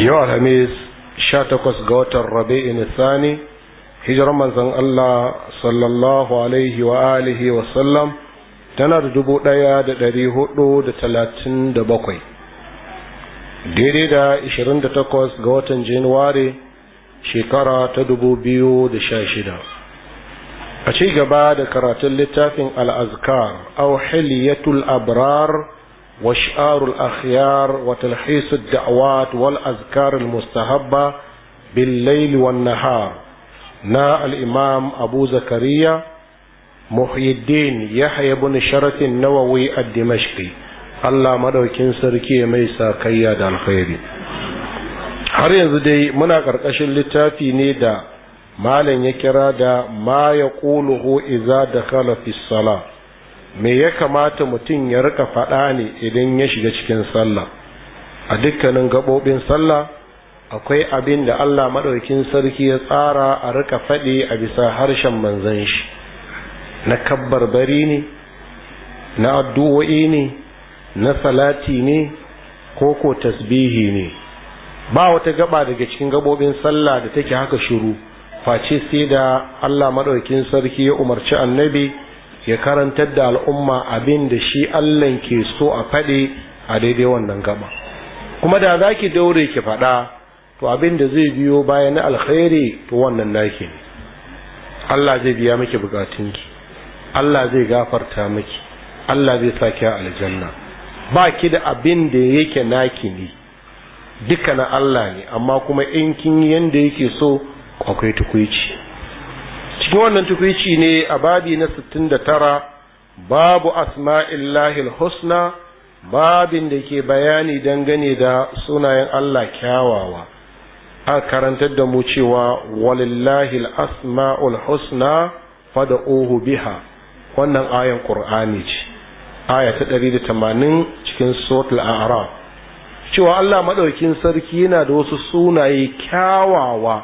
yau alhamis sha takwas ga watan rabi'in sani hijirar manzon Allah sallallahu alaihi wa alihi wa sallam tana da dubu ɗaya da ɗari hudu da talatin da bakwai daidai da ishirin da takwas ga watan januwari shekara ta dubu biyu da sha shida a ci gaba da karatun littafin al'azkar au hiliyatul abrar وشعار الاخيار وتلخيص الدعوات والاذكار المستهبه بالليل والنهار نا الامام ابو زكريا محي الدين يحيى بن شرط النووي الدمشقي الله مدوكين سركي ميسا كياد الخير har yanzu dai muna ƙarƙashin littafi ne da ما ya kira da ma ya ƙuluhu iza da kala me ya kamata mutum ya rika faɗa ne idan ya shiga cikin sallah a dukkanin gaɓoɓin sallah akwai abin da Allah maɗaukin sarki ya tsara a rika faɗi a bisa harshen manzan shi na kabbar bari ne na addu'o'i ne na salati ne ko ko tasbihi ne ba wata gaba daga cikin gaɓoɓin sallah da take haka shiru face sai da Allah maɗaukin sarki ya umarci annabi ya karantar da al'umma abin da shi Allah ke so a faɗe a daidai wannan gaba kuma da za ki daure ki faɗa to abin da zai biyo bayan na alkhairi to wannan naki ne Allah zai biya miki bukatunki Allah zai gafarta miki Allah zai sa ki aljanna ba ki da abin da yake naki ne duka na Allah ne amma kuma in kin yanda yake so akwai tukuici cikin wannan tukwici ne a babi na 69 babu asma'illahil husna babin da ke bayani dangane da sunayen Allah kyawawa a karantar da mu cewa walillahil asma'ul husna fada ohu biha wannan ayan ƙur'ani ce aya ta 180 cikin a Arab. cewa Allah maɗaukin sarki yana da wasu sunaye kyawawa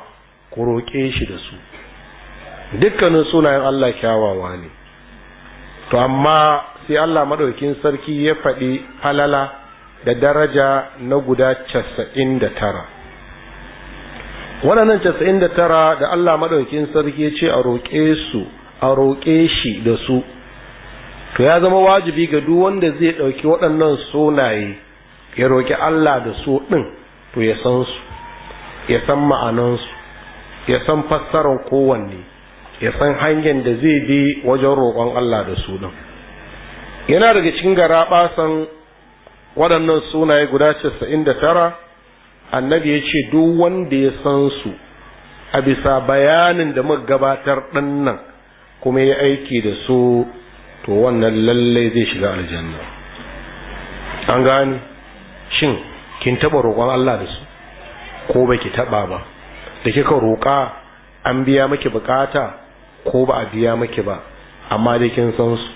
ku roƙe shi da su dukkanin sunayen Allah kyawawa ne to amma sai Allah maɗaukin sarki ya faɗi falala da daraja na guda casa'in da tara waɗannan casa'in da tara da Allah maɗaukin sarki ya ce a roƙe su a roƙe shi da su to ya zama wajibi ga duk wanda zai ɗauki waɗannan sunaye ya roƙi Allah da su ɗin to ya san su ya san ma'anansu ya san fassarar kowanne ya san hanyar da zai bi wajen roƙon Allah da sunan yana daga cikin gara basan waɗannan sunaye guda casa'in da tara annabi ya ce duk wanda ya san su a bisa bayanin da muka gabatar ɗin nan kuma ya aiki da su to wannan lallai zai shiga aljanna an gani shin kin taɓa roƙon Allah da su ko baki taɓa ba da kika roƙa an biya maki bukata ko ba a biya maki ba amma dai kin san su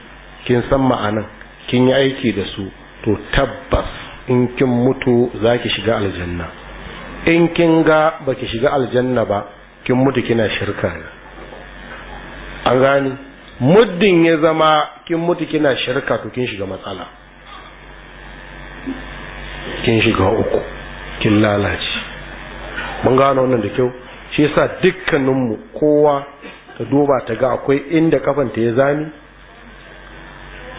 kin san ma'anan kin yi aiki da su to tabbas in kin mutu za ki shiga aljanna in kin ga ba ki shiga aljanna ba kin mutu kina shirka ne an gani muddin ya zama kin mutu kina shirka to kin shiga matsala kin shiga uku kin lalace mun gano wannan da kyau shi yasa dukkaninmu kowa ta duba ta ga akwai inda kafanta ya zani.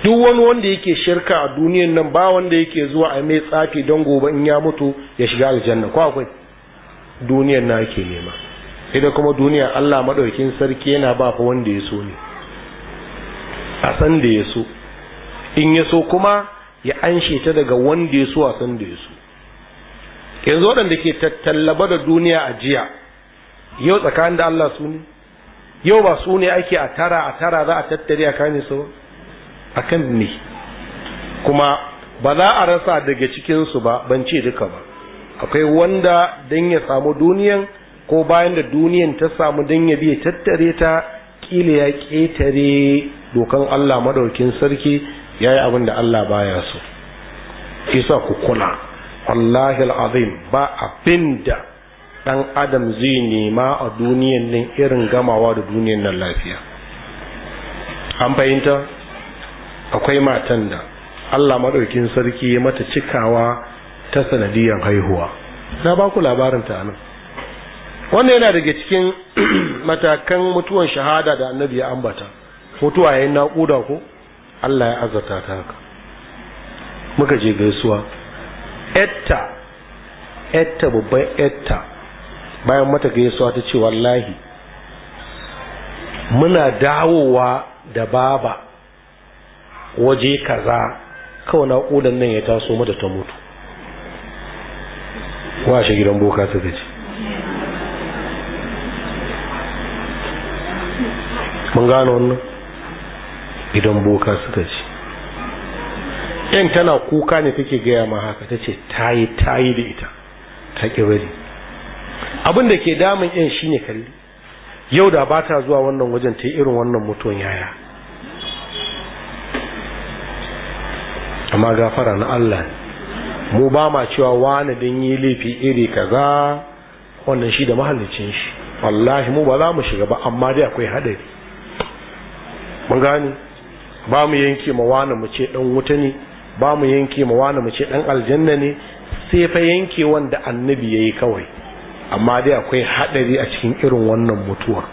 duk wani wanda yake shirka a duniyan nan ba wanda yake zuwa a mai tsafi don gobe in ya mutu ya shiga aljanna ko akwai duniyan na yake nema idan kuma duniya Allah madaukin sarki yana ba fa wanda ya so ne a san da ya so in ya so kuma ya anshe ta daga wanda ya so a san da ya so yanzu waɗanda ke tattallaba da duniya a jiya yau tsakanin da Allah su ne yau ba su ne ake a tara a tara za a tattare a kane su a kan ne kuma ba za a rasa daga cikinsu ba ban ce duka ba akwai wanda don ya samu duniyan ko bayan da duniyan ta samu don ya biya tattare ta kila ya ƙetare dokan allah madaukin sarki ya yi abin da allah baya so isa ku kula wallahi al'azim ba abin da ɗan adam zai nema a duniyan nan irin gamawa da duniyan nan lafiya an fahimta akwai matan da allah maɗaukin sarki ya mata cikawa ta sanadiyan haihuwa na ba ku labarin ta nan wannan yana daga cikin matakan mutuwan shahada da annabi ya ambata mutuwa yayin naƙuda ko allah ya azata ta haka muka je gaisuwa etta etta babban etta bayan mata gaisuwa ta ce wallahi muna dawowa da baba waje kaza kawai naƙudan nan ya taso mata ta mutu washe gidan boka ta gaji mun gano wannan gidan boka suka ce in tana kuka ne take gaya ma haka ta ce ta yi ta da ita ta ƙi bari abin da ke damun yan ne kalli yau da ba ta zuwa wannan wajen ta irin wannan mutuwan yaya amma gafara na Allah mu ba ma cewa wani don yi laifi iri kaza wannan shi da mahallicin shi wallahi mu ba za mu shiga ba amma dai akwai hadari mun gani ba mu yanke ma wani mu ce dan wuta ne ba mu yanke ma wani mu ce dan aljanna ne sai fa yanke wanda annabi yayi kawai amma dai akwai haɗari a cikin irin wannan mutuwa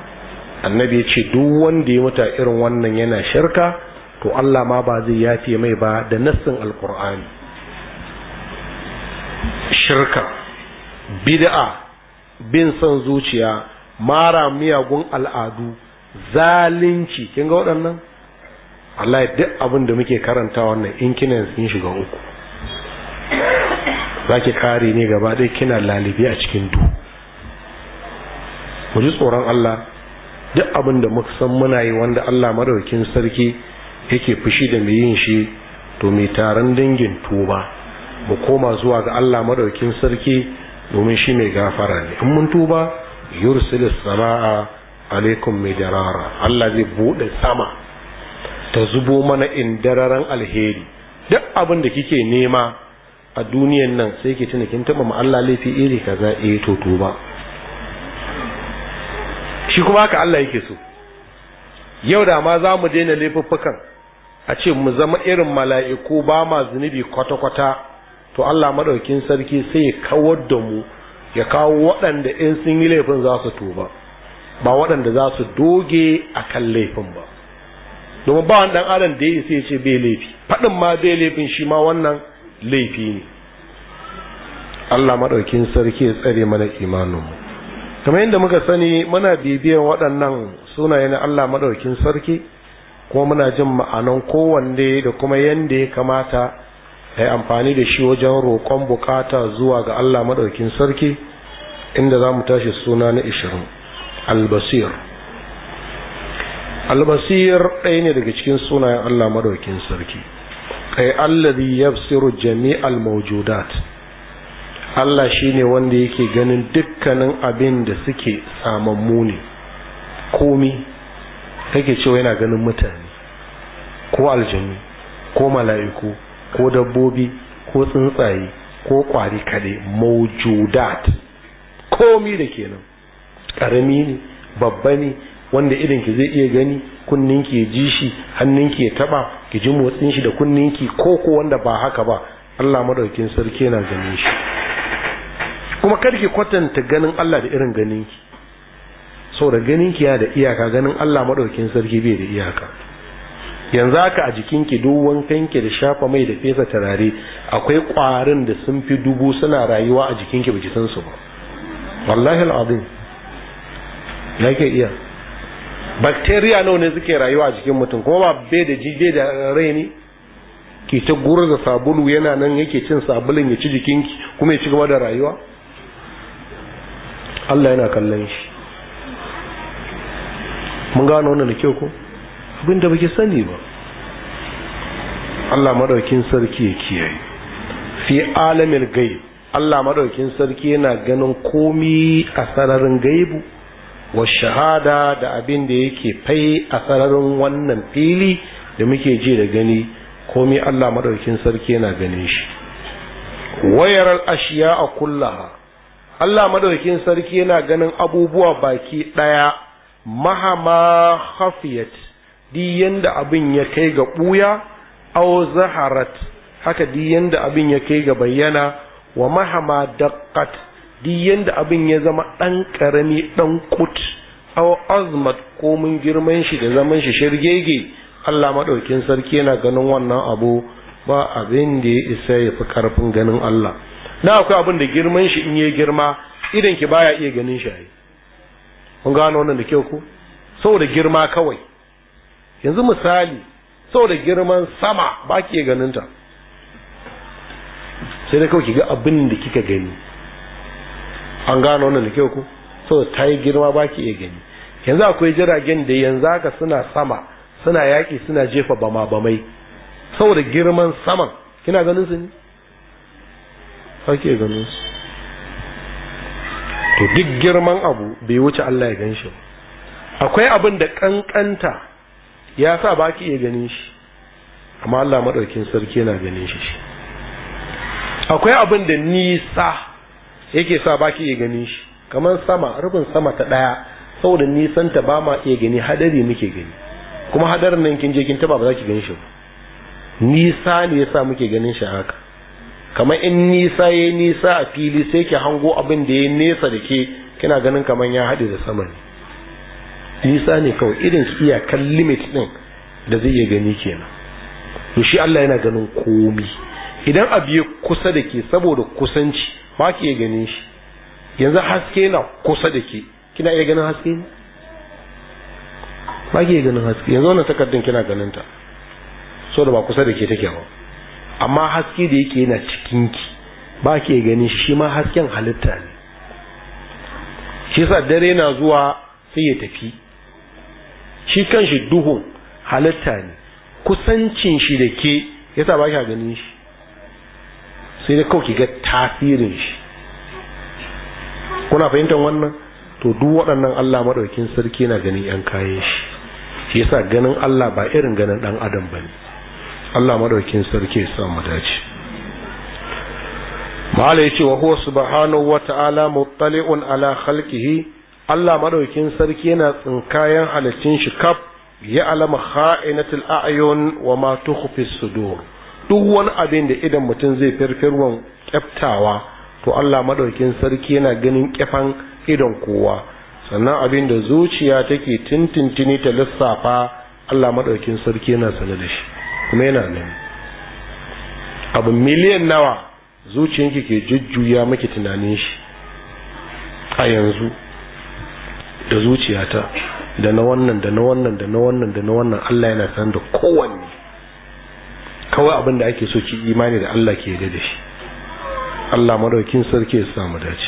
annabi ya ce duk wanda ya mutu irin wannan yana shirka to Allah ma ba zai yafe mai ba da nassin alkur'ani shirka bid'a bin son zuciya mara miyagun al'adu zalunci kin ga waɗannan Allah ya duk abin da muke karanta wannan in kina yin shiga uku zaki kare ne gaba ɗaya kina lalibi a cikin duk. mu ji tsoron Allah duk abin da muka san muna yi wanda Allah madaukakin sarki yake fushi da mu yin shi to mai taron dangin tuba mu koma zuwa ga Allah madaukakin sarki domin shi mai gafara ne in mun tuba yursilis sama'a alaikum midarara Allah zai bude sama ta zubo mana indararan alheri duk abin da kike nema a duniyan nan sai ke tuna kin taba ma Allah laifi iri kaza eh to tuba shi kuma haka Allah yake so yau da ma za mu daina laifuffukan a ce mu zama irin mala'iku ba ma zunubi kwata-kwata to Allah maɗaukin sarki sai ya kawar da mu ya kawo waɗanda in sun yi laifin za su tuba ba waɗanda za su doge a kan laifin ba domin ba wani adam da ya sai ce bai laifi faɗin ma bai laifin shi ma wannan laifi ne Allah maɗaukin sarki ya tsare mana imaninmu kamar yadda muka sani muna bibiyan waɗannan sunayen Allah maɗaukin sarki kuma muna jin ma'anan kowanne da kuma yadda ya kamata a yi amfani da shi wajen roƙon bukata zuwa ga Allah maɗaukin sarki inda za mu tashi suna na ishirin albasir albasir ɗaya ne daga cikin sunayen Allah maɗaukin sarki kai allazi yabsiru jami'al mawjudat Allah shi ne wanda yake ganin dukkanin abin da suke samammu ne komi kake cewa yana ganin mutane ko aljanu ko mala'iku ko dabbobi ko tsuntsaye ko kwari kade maujudat komi da kenan karami ne babba ne wanda irin ki zai iya gani kunninki ya ji shi hannunki ya taba ki ji motsin shi da kunninki ko ko wanda ba haka ba Allah madaukin sarki yana ganin shi kuma karki kwatanta ganin Allah da irin ganinki saboda ganinki yana da iyaka ganin Allah maɗaukin sarki bai da iyaka yanzu haka a jikinki duk wankanki da shafa mai da fesa turare akwai ƙwarin da sun fi dubu suna rayuwa a jikinki baki san su ba wallahi al'adun ya ke iya bacteria nawa ne suke rayuwa a jikin mutum kuma ba bai da jije da rai ne ke ta gurza sabulu yana nan yake cin sabulun ya ci jikinki kuma ya ci gaba da rayuwa Allah yana kallon shi mun gano wannan da kyau ko abin da baki sani ba Allah madaukin sarki ya kiyaye fi alamin gaib Allah madaukin sarki yana ganin komi a sararin gaibu wa shahada da abin da yake fai a sararin wannan fili da muke ji da gani komi Allah madaukin sarki yana ganin shi wayar ashiya a kullaha Allah madaukakin sarki yana ganin abubuwa baki ɗaya mahama hafiyat di yanda abin ya kai ga ɓuya aw zaharat haka di yanda abin ya kai ga bayyana wa mahama daqqat di yanda abin ya zama ɗan ƙarami ɗan kut aw azmat ko mun girman shi da zaman shi shirgege Allah madaukakin sarki yana ganin wannan abu ba abin da ya isa ya fi ƙarfin ganin Allah na akwai abin da girman shi in yi girma idan ki baya iya ganin shi ai kun gano wannan da kyau ko saboda girma kawai yanzu misali saboda girman sama ba ki ganin ta sai da kawai ki ga abin da kika gani an gano wannan da kyau ko saboda ta yi girma ba ki iya gani yanzu akwai jiragen da yanzu haka suna sama suna yaƙi suna jefa bama bamai saboda girman saman kina ganin su ne ake ganin su to duk girman abu bai wuce Allah ya gan shi akwai abin da kankanta ya sa ba ki iya ganin shi amma Allah maɗaukin sarki yana ganin shi akwai abin da nisa yake sa ba ki iya ganin shi kamar sama rufin sama ta ɗaya saboda nisan ta ba ma iya gani hadari muke gani kuma hadarin nan kin je kin taba ba za ki gan shi nisa ne yasa muke ganin shi haka kamar in nisa ya yi nisa a fili sai ki hango abin da ya nesa da ke kina ganin kamar ya haɗe da sama ne nisa ne kawai irin ki iyakar limit ɗin da zai iya gani kenan to shi Allah yana ganin komi idan abu ya kusa da ke saboda kusanci ba ki iya ganin shi yanzu haske na kusa da ke kina iya ganin haske ne ba ki iya ganin haske yanzu wannan takardun kina ganin ta so da ba kusa da ke take ba amma haske da yake yana cikin ki ba ke ganin shi shi ma hasken halitta ne shi sa dare na zuwa sai ya tafi shi kanshi duhun halitta ne kusancin shi da ke ya sa ba ka ganin shi sai da kawai ga tasirin shi kuna fahimtar wannan to duk waɗannan Allah maɗaukin sarki na ganin 'yan kayan shi shi sa ganin Allah ba irin ganin ɗan adam ba ne Allah madaukin sarki ya samu dace mala yace wa huwa subhanahu wa ta'ala muttali'un ala khalqihi Allah madaukin sarki yana tsinkayen halittun shi kaf ya alama kha'inatul a'yun wa ma tukhfi sudur duk wani abin da idan mutum zai firfirwan kyaftawa to Allah madaukin sarki yana ganin kyafan idan kowa sannan abin da zuciya take tintintini ta lissafa Allah madaukin sarki yana sane da shi kuma yana nan abu miliyan nawa zuciyanki ke jujjuya maki tunanin shi a yanzu da zuciyata da na wannan da na wannan da na wannan da na wannan Allah yana san da kowanne kawai abin da ake so ki imani da Allah ke yarda da shi Allah madaukin sarki ya samu dace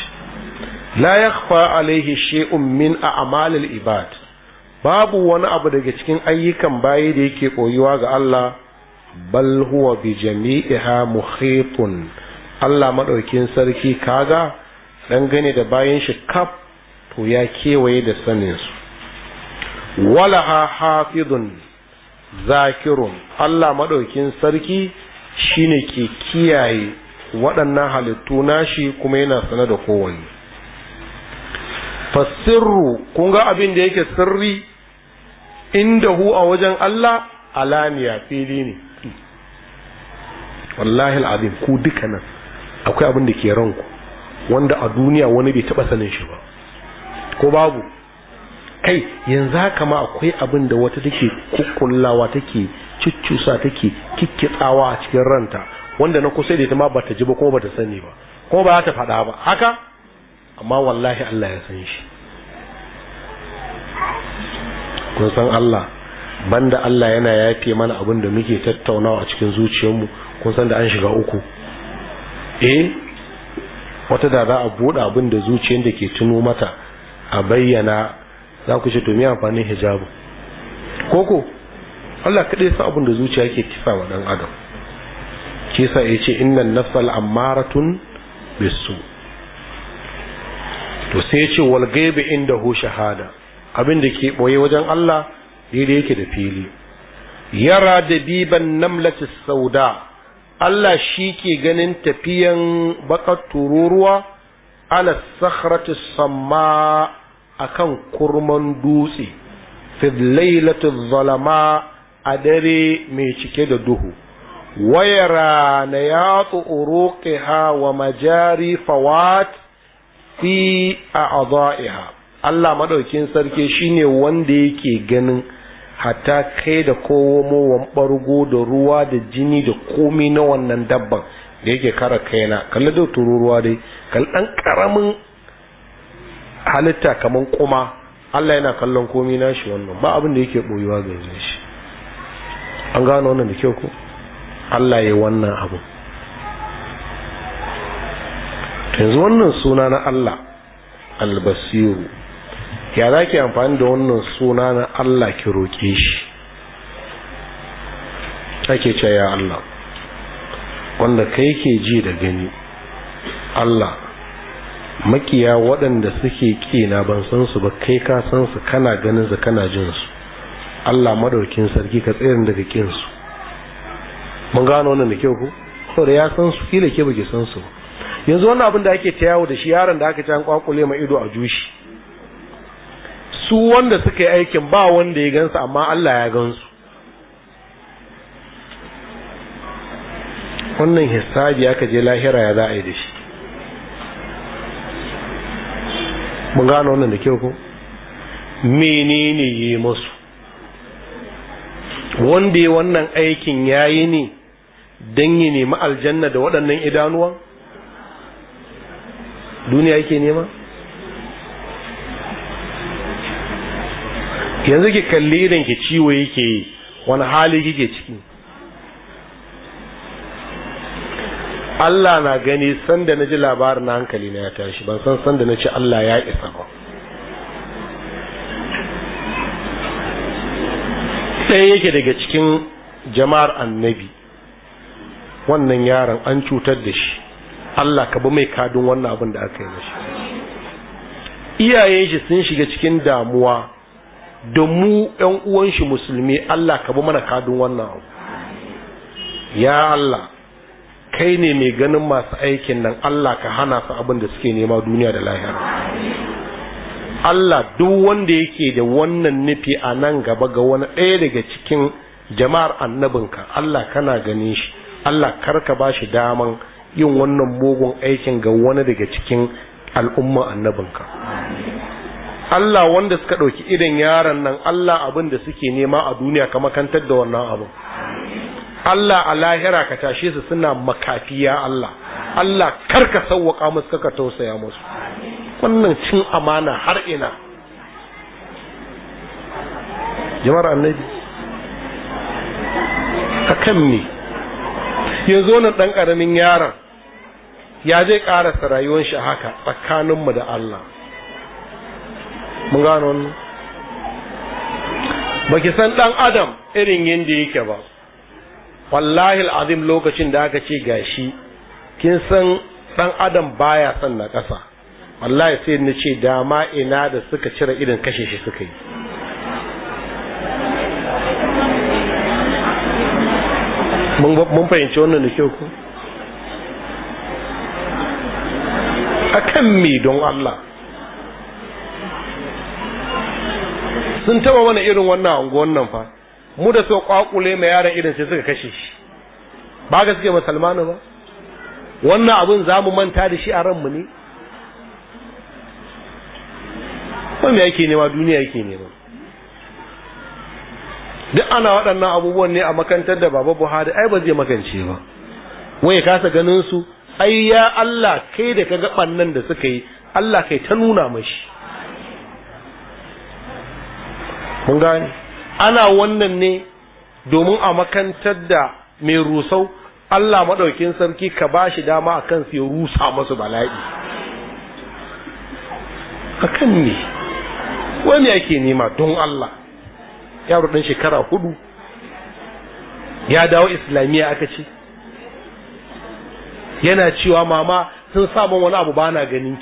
la yakhfa alaihi shay'un min a'malil ibad babu wani abu daga cikin ayyukan bayi da yake koyuwa ga Allah bal huwa bi jami'iha muhitun Allah madaukin sarki kaga gane da bayan shi kaf to ya kewaye da sanin su walaha hafidun zakirun Allah madaukin sarki shine ke kiyaye waɗannan halittu nashi kuma yana sana da kowanne fasirru kun ga abin da yake sirri inda hu a wajen Allah alaniya fili ne wallahi al'azim ku duka nan akwai abin da ke ranku wanda a duniya wani bai taba sanin shi ba ko babu kai yanzu haka ma akwai abin da wata take kukkullawa take cuccusa take kikkitsawa a cikin ranta wanda na kusa da ita ma bata ji ba ko bata sani ba ko ba za ta faɗa ba haka amma wallahi Allah ya san shi kun san Allah banda Allah yana yafe mana abin da muke tattaunawa a cikin zuciyarmu kun san da an shiga uku eh wata da za a buɗe abin da zuciyar da ke tuno mata a bayyana za ku ce to me amfanin hijabu koko Allah kaɗai sa abin da zuciya ke kisa wa ɗan adam kisa ya ce innan nafsal ammaratun bisu to sai ce wal gaibi inda hu shahada abin da ke boye wajen Allah daidai yake da fili yara da biban namlati sauda Allah shi ke ganin tafiyan bakar tururuwa ala sakhratu samma kan kurman dutse fi zalama a dare mai cike da duhu wayara na yatsu uruqiha wa majari fawat fi a Allah maɗaukin sarki shine wanda yake ganin hatta kai da kowomowan ɓargo da ruwa da jini da komi na wannan dabban da yake kara kaina kalli da tururuwa dai kalli ɗan ƙaramin halitta kamar kuma Allah yana kallon komi na shi wannan ba abin da yake ɓoyuwa ga yanzu shi an gano wannan da kyau ko Allah ya wannan abu yanzu wannan suna na Allah albasiru ya za ki amfani da wannan suna na Allah ki roƙe shi ake ce ya Allah wanda kai ke ji da gani Allah makiya waɗanda suke ƙina ban san su ba kai ka san su kana ganin su kana jin su Allah madaukin sarki ka tsayar daga ƙin su mun gano wannan da kyau ku saboda ya san su kila ke baki san su yanzu wannan abin da ake ta yawo da shi yaron da aka ci kwakule ma ido a jushi su wanda suka yi aikin ba wanda ya gansu amma Allah ya gansu wannan hisabi aka je lahira ya za a yi da shi mun gano wannan da kyau ko menene yi masu wanda ya wannan aikin ya yi ne don yi nemi aljanna da waɗannan idanuwan duniya yake nema yanzu ki kalli irin ki ciwo yake yi wani hali kike ciki Allah na gani sanda na ji labarin na hankali na ya tashi ban san sanda na ci Allah ya isa ba ɗaya yake daga cikin jama'ar annabi wannan yaron an cutar da shi Allah ka bi mai kadin wannan abin da aka yi mashi iyayen shi sun shiga cikin damuwa da mu yan uwan shi musulmi Allah ka bi mana kadun wannan ya Allah kai ne mai ganin masu aikin nan Allah ka hana su abin da suke nema duniya da lahira Allah duk wanda yake da wannan nufi a nan gaba ga wani ɗaya daga cikin jama'ar annabinka Allah kana ganin shi Allah Kar ka ba shi daman yin wannan mugun aikin ga wani daga cikin al'umma annabinka Allah wanda suka ɗauki idan yaron nan Allah abin da suke nema a duniya ka makantar da wannan abin Allah a lahira ka tashe su suna makafiya Allah Allah karka sauwaka musu kaka tausaya musu wannan cin amana har ina jama'ar annabi kan ne yanzu wani ɗan ƙaramin yaron ya zai karasa rayuwar shi haka tsakaninmu da Allah mun gano wannan ki san ɗan adam irin yanda yake ba wallahi azim lokacin da aka ce gashi kin san ɗan adam baya son na ƙasa. wallahi sai na ce dama ina da suka cire irin kashe shi suka yi mun fahimci wannan da kyau ku. A kan me don Allah sun taba mana irin wannan anguwan nan fa mu da suka kwakule mai yaran irin sai suka kashe shi ba ga suke musulmanu ba wannan abin za mu manta da shi a ranmu ne ko me yake nema duniya yake nema duk ana waɗannan abubuwan ne a makantar da baba buhari ai ba zai makance ba wai ya kasa ganin su ai ya Allah kai da kaga bannan da suka yi Allah kai ta nuna mashi mun gane ana wannan ne domin a makantar da mai rusau Allah maɗaukin sarki ka ba shi dama a kansu ya rusa masu bala'i a kan ne wani yake nema don Allah yaro dan shekara hudu ya dawo islamiyya aka ce yana cewa mama sun samun wani abu ba na ki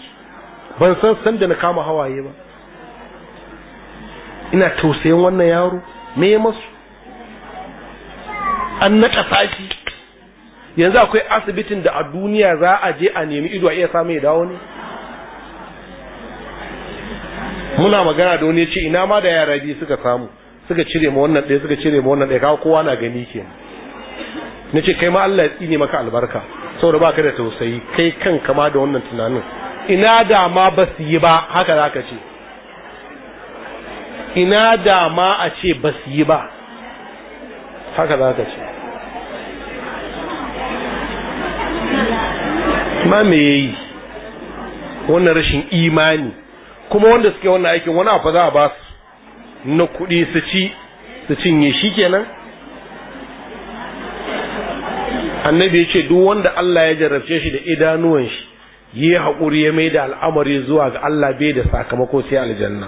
ban san sanda na kama hawaye ba ina tausayin wannan yaro me ya masu an yanzu akwai asibitin da a duniya za a je a nemi ido a iya samu ya dawo ne muna magana da wani ce ina ma da yara biyu suka samu suka cire ma wannan ɗaya suka cire ma wannan ɗaya kawo kowa na gani ke na ce kai ma Allah ya tsine maka albarka saboda ka da tausayi kai kan kama da wannan tunanin ina da ma ba su yi ba haka za ka ce ina da ma a ce ba su yi ba haka za ka ce ma me ya yi wannan rashin imani kuma wanda suke wannan aikin wani abu za a ba su na kudi su ci su cinye shi kenan annabi ya ce duk wanda Allah ya jarrabce shi da idanuwan shi yi haƙuri ya mai da al'amari zuwa ga Allah bai da sakamako sai aljanna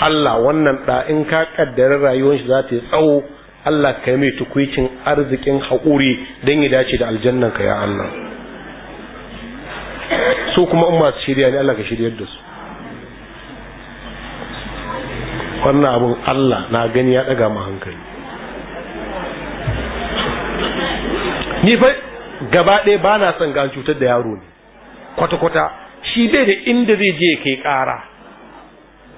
Allah wannan ɗa in ka kaddara rayuwar shi za ta yi tsawo Allah ka yi mai tukwicin arzikin haƙuri don ya dace da aljannan ka ya Allah So kuma in masu shirya ne Allah ka shiryar da su wannan abun Allah na gani ya ɗaga ma hankali ni fa gaba ɗaya ba na son gan cutar da yaro ne kwata-kwata shi bai da inda zai je kai ƙara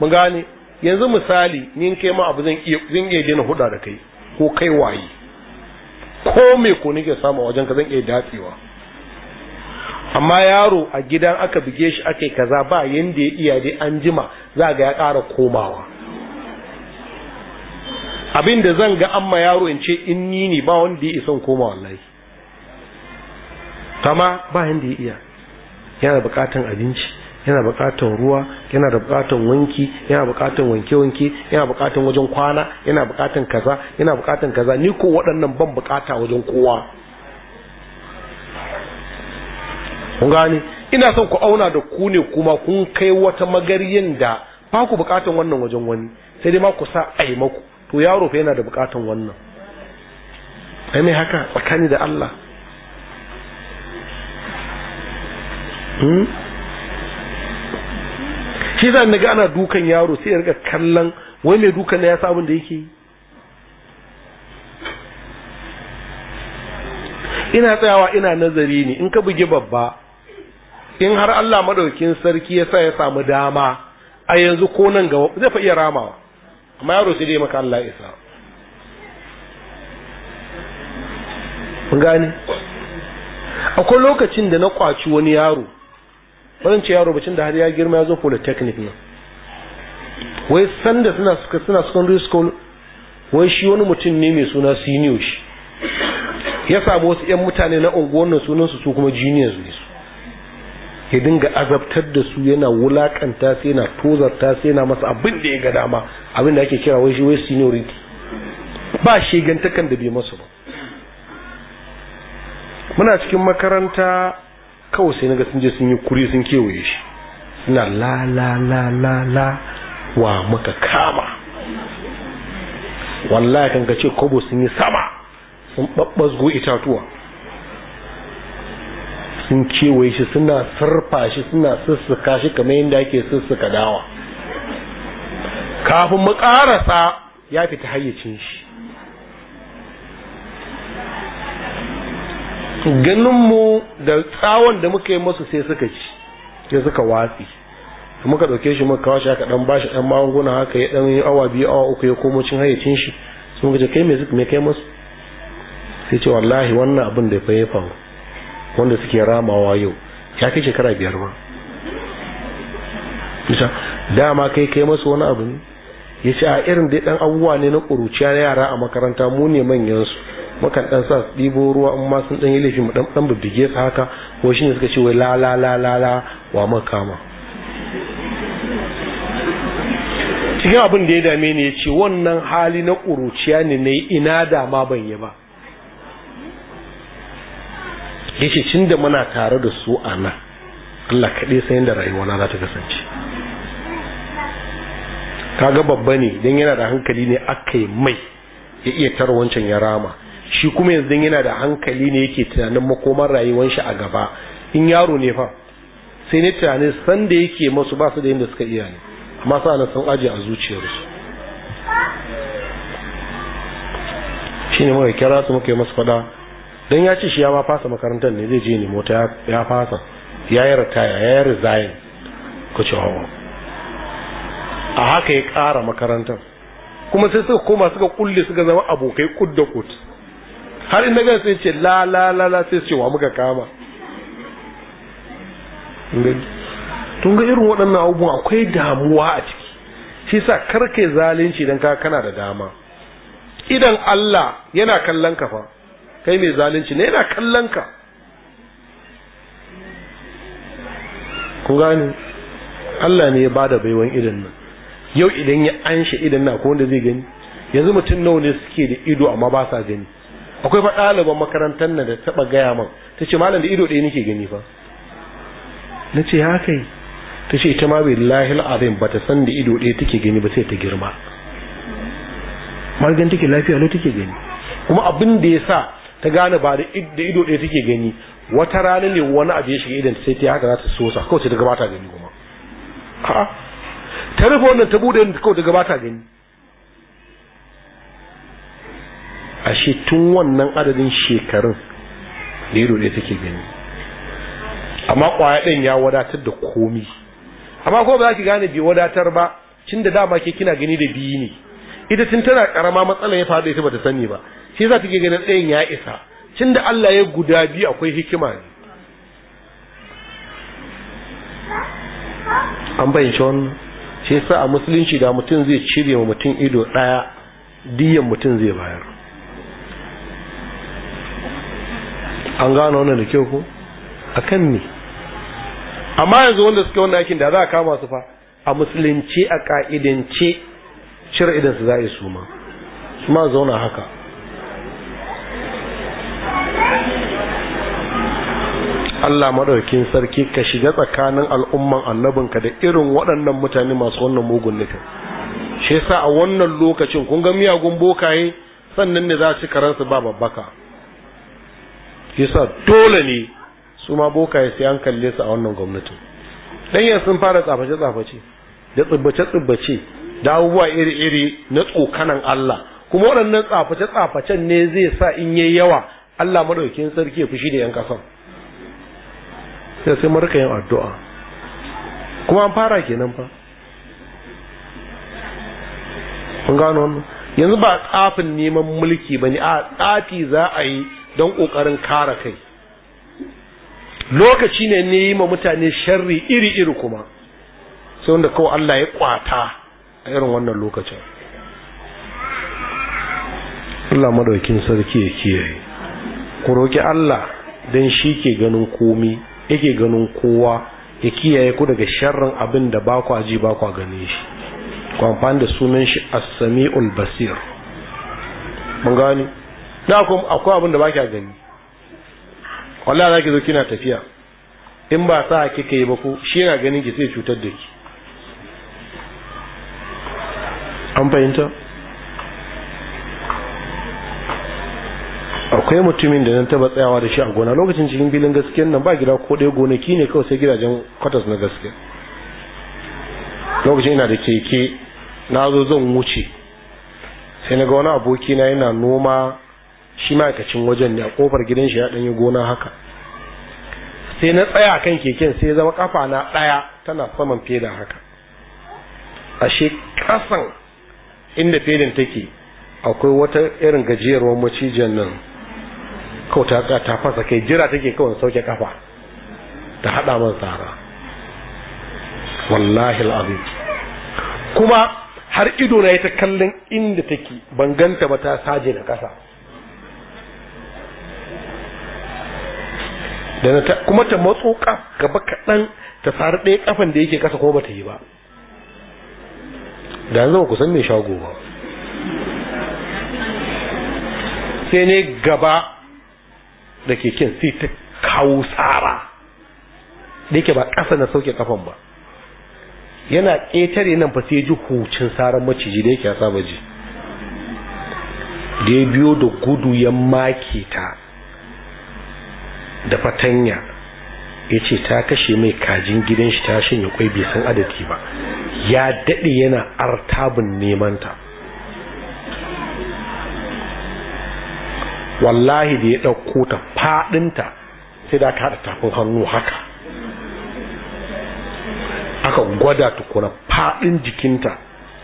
mun gane yanzu misali ni kai ma abu zan iya zan iya huda da kai ko kai waye ko me ko nake samu wajen ka zan iya dafewa amma yaro a gidan aka buge shi aka kaza ba yanda ya iya dai an jima za ga ya ƙara komawa abin da zan ga amma yaro in ce in ni ne ba wanda ya isan koma wallahi kama ba yanda ya iya yana bukatan abinci yana buƙatar ruwa yana da buƙatar wanki yana buƙatar wanke-wanke yana buƙatar wajen kwana yana buƙatar kaza yana buƙatar kaza ni ko waɗannan ban bukata wajen kowa kun gane ina son ku auna da ku ne kuma kun kai wata magaryin da ba ku buƙatar wannan wajen wani sai dai ma ku sa ai maku to yaro fa yana da buƙatar wannan ai mai haka tsakani da Allah hmm? shi za ni ga ana dukan yaro sai ya riga kallon wai mai dukan na ya sa abin da yake yi ina tsayawa ina nazari ne in ka bugi babba in har Allah madaukin sarki ya sa ya samu dama a yanzu ko nan gaba zai fa iya ramawa amma yaro sai dai maka Allah isa mun akwai lokacin da na kwaci wani yaro wajen ce yaro bacin da har ya girma ya zo polytechnic na wai sanda suna suka suna secondary school wai shi wani mutum ne mai suna senior shi ya samu wasu yan mutane na unguwar nan sunan su kuma juniors ne su ya dinga azabtar da su yana wulakanta sai yana tozarta sai yana masa abin da ya ga dama abin da ake kira wai shi wai seniority ba gantakan da bai masu ba muna cikin makaranta kawai sai naga sun je sun yi kuri sun kewaye shi suna la la la la la wa maka kama wallahi kan ka ce kobo sun yi sama sun babbazgo itatuwa sun kewaye shi suna sarfa shi suna sussuka shi kamar yadda ake sussuka dawa kafin mu karasa ya fita hayyacin shi ganinmu da tsawon da muka yi masu sai suka ci sai suka watsi muka ɗauke shi muka kawo shi aka ɗan bashi ɗan magunguna haka ya ɗan yi awa biyu awa uku ya komo cin hayyacin shi sun muka ce kai me me kai masu sai ce wallahi wannan abin da fa ya faru wanda suke ramawa yau ya kai shekara biyar ma dama kai kai masu wani abu ne ya ce a irin dai ɗan abubuwa ne na ƙuruciya na yara a makaranta mu ne manyansu Makan dan sa su ɗibo ruwa in ma sun dan yi laifi mu dan dan bibbige su haka ko shi ne suka ce wai la la la la la wa makama cikin abin da ya dame ni ya ce wannan hali na ƙuruciya ne na ina da ma ban yi ba ya ce cin da muna tare da su a nan Allah kaɗai sai da rayuwa na za ta kasance kaga babba ne don yana da hankali ne aka mai ya iya tara ya rama shi kuma yanzu yana da hankali ne yake tunanin makoman rayuwar shi a gaba in yaro ne fa sai ne tunanin san da yake masu ba su da yadda suka iya ne amma na san aje a zuciyarsu shi ne muka kira su muka yi masu fada don ya ce shi ya ma fasa makarantar ne zai je ne mota ya fasa ya yi rataya ya yi resign ku ce hawa a haka ya ƙara makarantar kuma sai suka koma suka kulle suka zama abokai kud da kud har in daga sai ce la la la la sai ce wa muka kama tun ga irin waɗannan abubuwan akwai damuwa a ciki shi sa karkai zalunci don ka kana da dama idan Allah yana kallon ka fa kai mai zalunci ne yana kallon ka ku gani Allah ne ya bada baiwan idan nan yau idan ya anshe idan na ko wanda zai gani yanzu mutum nawa ne suke da ido amma ba sa gani akwai fa ɗaliban makarantar nan da taɓa gaya man ta ce malam da ido ɗaya nake gani fa na ce haka yi ta ce ita ma bai lahil abin ba ta san da ido ɗaya take gani ba sai ta girma margan take lafiya lo take gani kuma abin da ya sa ta gane ba da ido ɗaya take gani wata rana ne wani abu ya shiga idan sai ta haka za ta sosa kawai sai ta gabata gani kuma a'a ta rufe wannan ta bude kawai ta gabata gani ashe tun wannan adadin shekarun da ya ɗaya take gani amma ƙwaya ɗin ya wadatar da komi amma ko ba za ki gane bai wadatar ba cin da dama ke kina gani da biyu ne ita tun tana karama matsalar ya faru da ita ta sani ba sai za ta ke ganin ɗayan ya isa cin da Allah ya guda biyu akwai hikima ne an bayyance wannan sai sa a musulunci da mutum zai cire wa mutum ido ɗaya diyan mutum zai bayar an gano wannan da kyau ko a kan ne amma yanzu wanda suke wannan aikin da za a kama su fa a musulunci a ka'idance cir idan su za a yi su ma su ma zauna haka Allah madaukin sarki ka shiga tsakanin al'umman annabinka da irin waɗannan mutane masu wannan mugun nufin shi yasa a wannan lokacin kun ga miyagun bokaye sannan ne za su karansu ba babbaka yasa dole ne su ma bokaye sai an kalle su a wannan gwamnatin dan yanzu sun fara tsaface-tsaface da tsibbace-tsibbace da abubuwa iri-iri na tsokanan Allah kuma waɗannan tsaface-tsafacen ne zai sa in yayi yawa Allah madaukakin sarki ya fushi da 'yan ƙasar sai sai marika yin addu'a kuma an fara kenan fa kun gano wannan yanzu ba tsafin neman mulki bane a tsafi za a yi don ƙoƙarin kara kai lokaci ne ne yi ma mutane sharri iri-iri kuma sai wanda kawai Allah ya kwata a irin wannan lokacin Allah madaukin sarki ya kiyaye ku roƙi Allah don shi ke ganin komi yake ganin kowa ya kiyaye ku daga sharrin abin da ba ku ji ba ku gane shi ku amfani da sunan shi as-sami'ul basir mun da kuma akwai abin da ba kya gani wallahi za ki zo kina tafiya in ba sa kika yi ba ko shi yana ganin ki sai cutar da ki an fahimta akwai mutumin da nan taba tsayawa da shi a gona lokacin cikin filin gaskiyan nan ba gida ko ɗaya gonaki ne kawai sai gidajen kwatas na gaske lokacin ina da keke na zo zan wuce sai na ga wani abokina yana noma shi ma'aikacin wajen ne a kofar gidan shi ya ɗanyi gona haka sai na tsaya kan keken sai zama kafa na ɗaya tana saman feda haka ashe ƙasan inda fedin take akwai wata irin gajiyarwar macijiyar nan kawai ta ta fasa kai jira take kawai sauke kafa ta haɗa man tsara wallahi al'azim kuma har ido na ta kallon inda take ban ganta ba ta saje da ƙasa da ta kuma ta matso ka gaba kaɗan ta fara ɗaya kafan da yake kasa kuma bata yi ba da yanzu ku san mai shago ba sai ne gaba da keken sai ta kawo tsara da yake ba ƙasa na sauke ƙafan ba yana ƙetare nan fa sai ji hucin saran maciji da yake ya saba ji da ya biyo da gudu ya make ta da fatanya ya ce ta kashe mai kajin gidan shi ta shanye kwai bai san adadi ba ya daɗe yana artabin nemanta wallahi da ya ɗauko ta faɗinta sai da aka haɗa tafin hannu haka aka gwada tukuna faɗin jikinta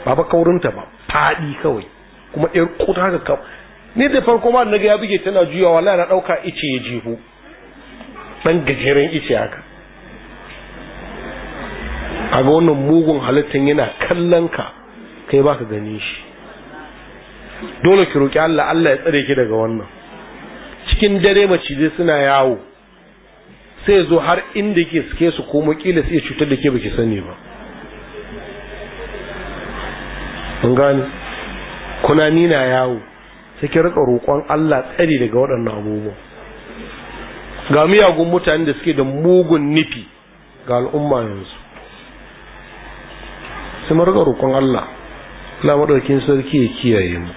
ba ba kaurinta ba faɗi kawai kuma ɗan kuta haka kawai ne da farko ma naga ya buge tana juyawa na ɗauka ice ya jihu ɗan gajeren ice haka a ga wannan mugun halittan yana kallon ka kai baka gani shi dole ki roƙi Allah Allah ya tsare ki daga wannan cikin dare macizai suna yawo sai zo har inda ke suke su koma kila sai cutar da ke baki sani ba mun gani kuna nina yawo sai ki rika roƙon Allah tsare daga waɗannan abubuwa ga miyagun mutane da suke da mugun nufi ga al'umma yanzu su marga roƙon Allah Allah maɗaukin sarki ya kiyaye mu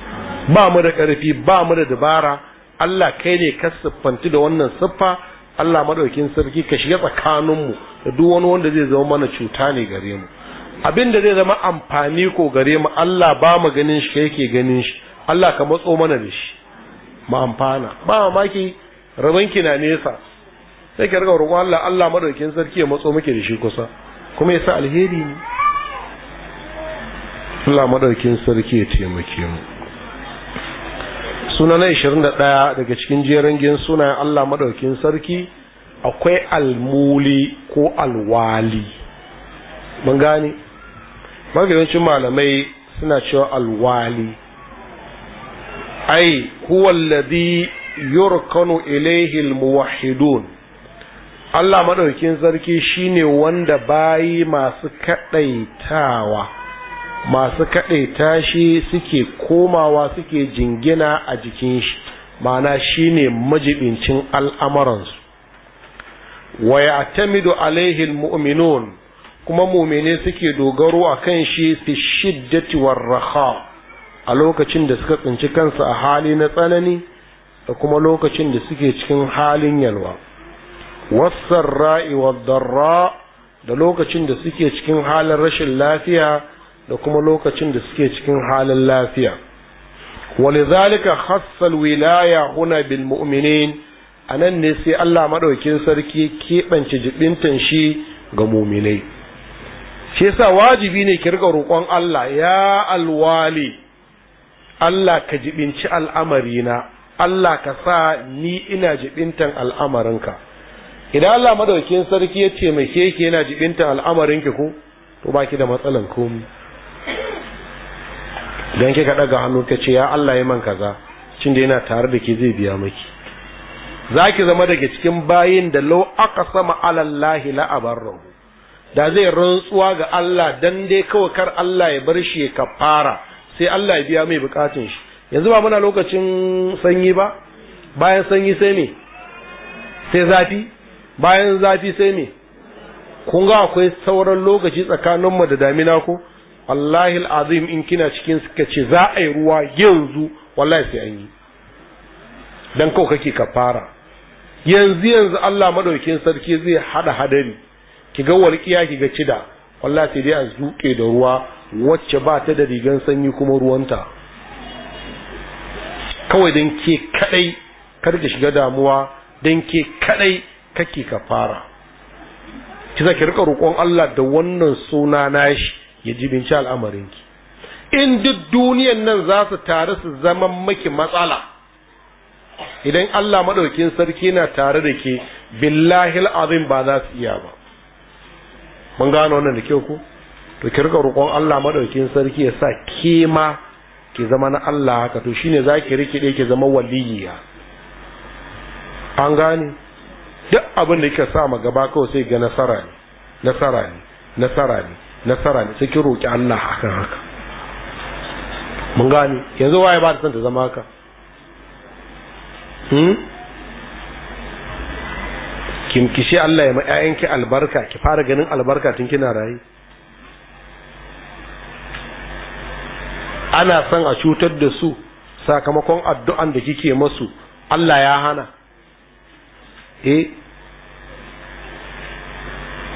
ba mu da ƙarfi ba mu da dabara Allah kai ne ka siffanti da wannan siffa Allah maɗaukin sarki ka shiga tsakaninmu da duk wani wanda zai zama mana cuta ne gare mu abin da zai zama amfani ko gare mu Allah ba mu ganin shi kai yake ganin shi Allah ka matso mana da shi ma amfana ba mamaki rabanki na nesa sai ki riga roƙon Allah Allah madaukin sarki ya matso miki da shi kusa kuma yasa alheri ne Allah madaukin sarki ya taimake mu suna na 21 daga cikin jerin gin sunayen Allah madaukin sarki akwai almuli ko alwali mun gane magabancin malamai suna cewa alwali ai huwa alladhi yurkanu ilaihi muwahidun Allah madaukin sarki shine wanda bayi masu kadaitawa masu kadaita shi suke komawa suke jingina a jikin shi ma'ana shine majibincin al'amuransu wa ya'tamidu alaihi almu'minun kuma mumene suke dogaro a kan shi fi shiddati a lokacin da suka tsinci kansu a hali na tsanani da kuma lokacin da suke cikin halin yalwa wasan ra'i darra da lokacin da suke cikin halin rashin lafiya da kuma lokacin da suke cikin halin lafiya walizalika hassal wilaya huna bil mu'minin anan ne sai Allah madaukin sarki keɓance jibintan shi ga mu'minai shi yasa wajibi ne ki rika roƙon Allah ya alwali Allah ka jibinci al'amarina Allah ka sa ni ina jibintan al'amarinka idan Allah madaukin sarki ya ce mai keke yana jibintan al'amarinki ko to baki da matsalan komi ke ka daga hannu ka ce ya Allah yi man kaza cin da yana tare da ke zai biya maki zaki zama daga cikin bayin da lau aka sama alallahi la'abarrahu da zai rantsuwa ga Allah dan dai kawai kar Allah ya bar shi ya kafara sai Allah ya biya mai bukatun shi yanzu ba muna lokacin sanyi ba bayan sanyi sai me sai zafi bayan zafi sai me kun ga akwai sauran lokaci tsakaninmu da damina ko wallahi al'azim in kina cikin suka ce za a yi ruwa yanzu wallahi sai an yi dan kawai kake ka fara yanzu yanzu Allah madaukin sarki zai hada hadari ki ga walƙiya ki ga cida wallahi sai dai a zuke da ruwa wacce ba ta da rigan sanyi kuma ruwanta kawai don ke kadai kar shiga damuwa don ke kadai kake ka fara ki za ki rika roƙon Allah da wannan suna nashi ya al'amarin al'amarinki in duk duniyan nan za su tare su zama maki matsala idan Allah maɗaukin sarki na tare da ke billahil azim ba za su iya ba mun gano wannan da kyau ku to ki rika roƙon Allah maɗaukin sarki ya sa kema ki zama na Allah haka to shine zaki rikide ki zama waliyya an gane duk abin da kika sa ma gaba kawai sai ga nasara ne nasara ne nasara ne nasara ne sai ki roki Allah akan haka mun gane yanzu waye ba ta son ta zama haka hmm kim kishi Allah ya ma ƴaƴanki albarka ki fara ganin albarka tun kina rayu ana son a cutar da su sakamakon addu'an da kike masu Allah ya hana E,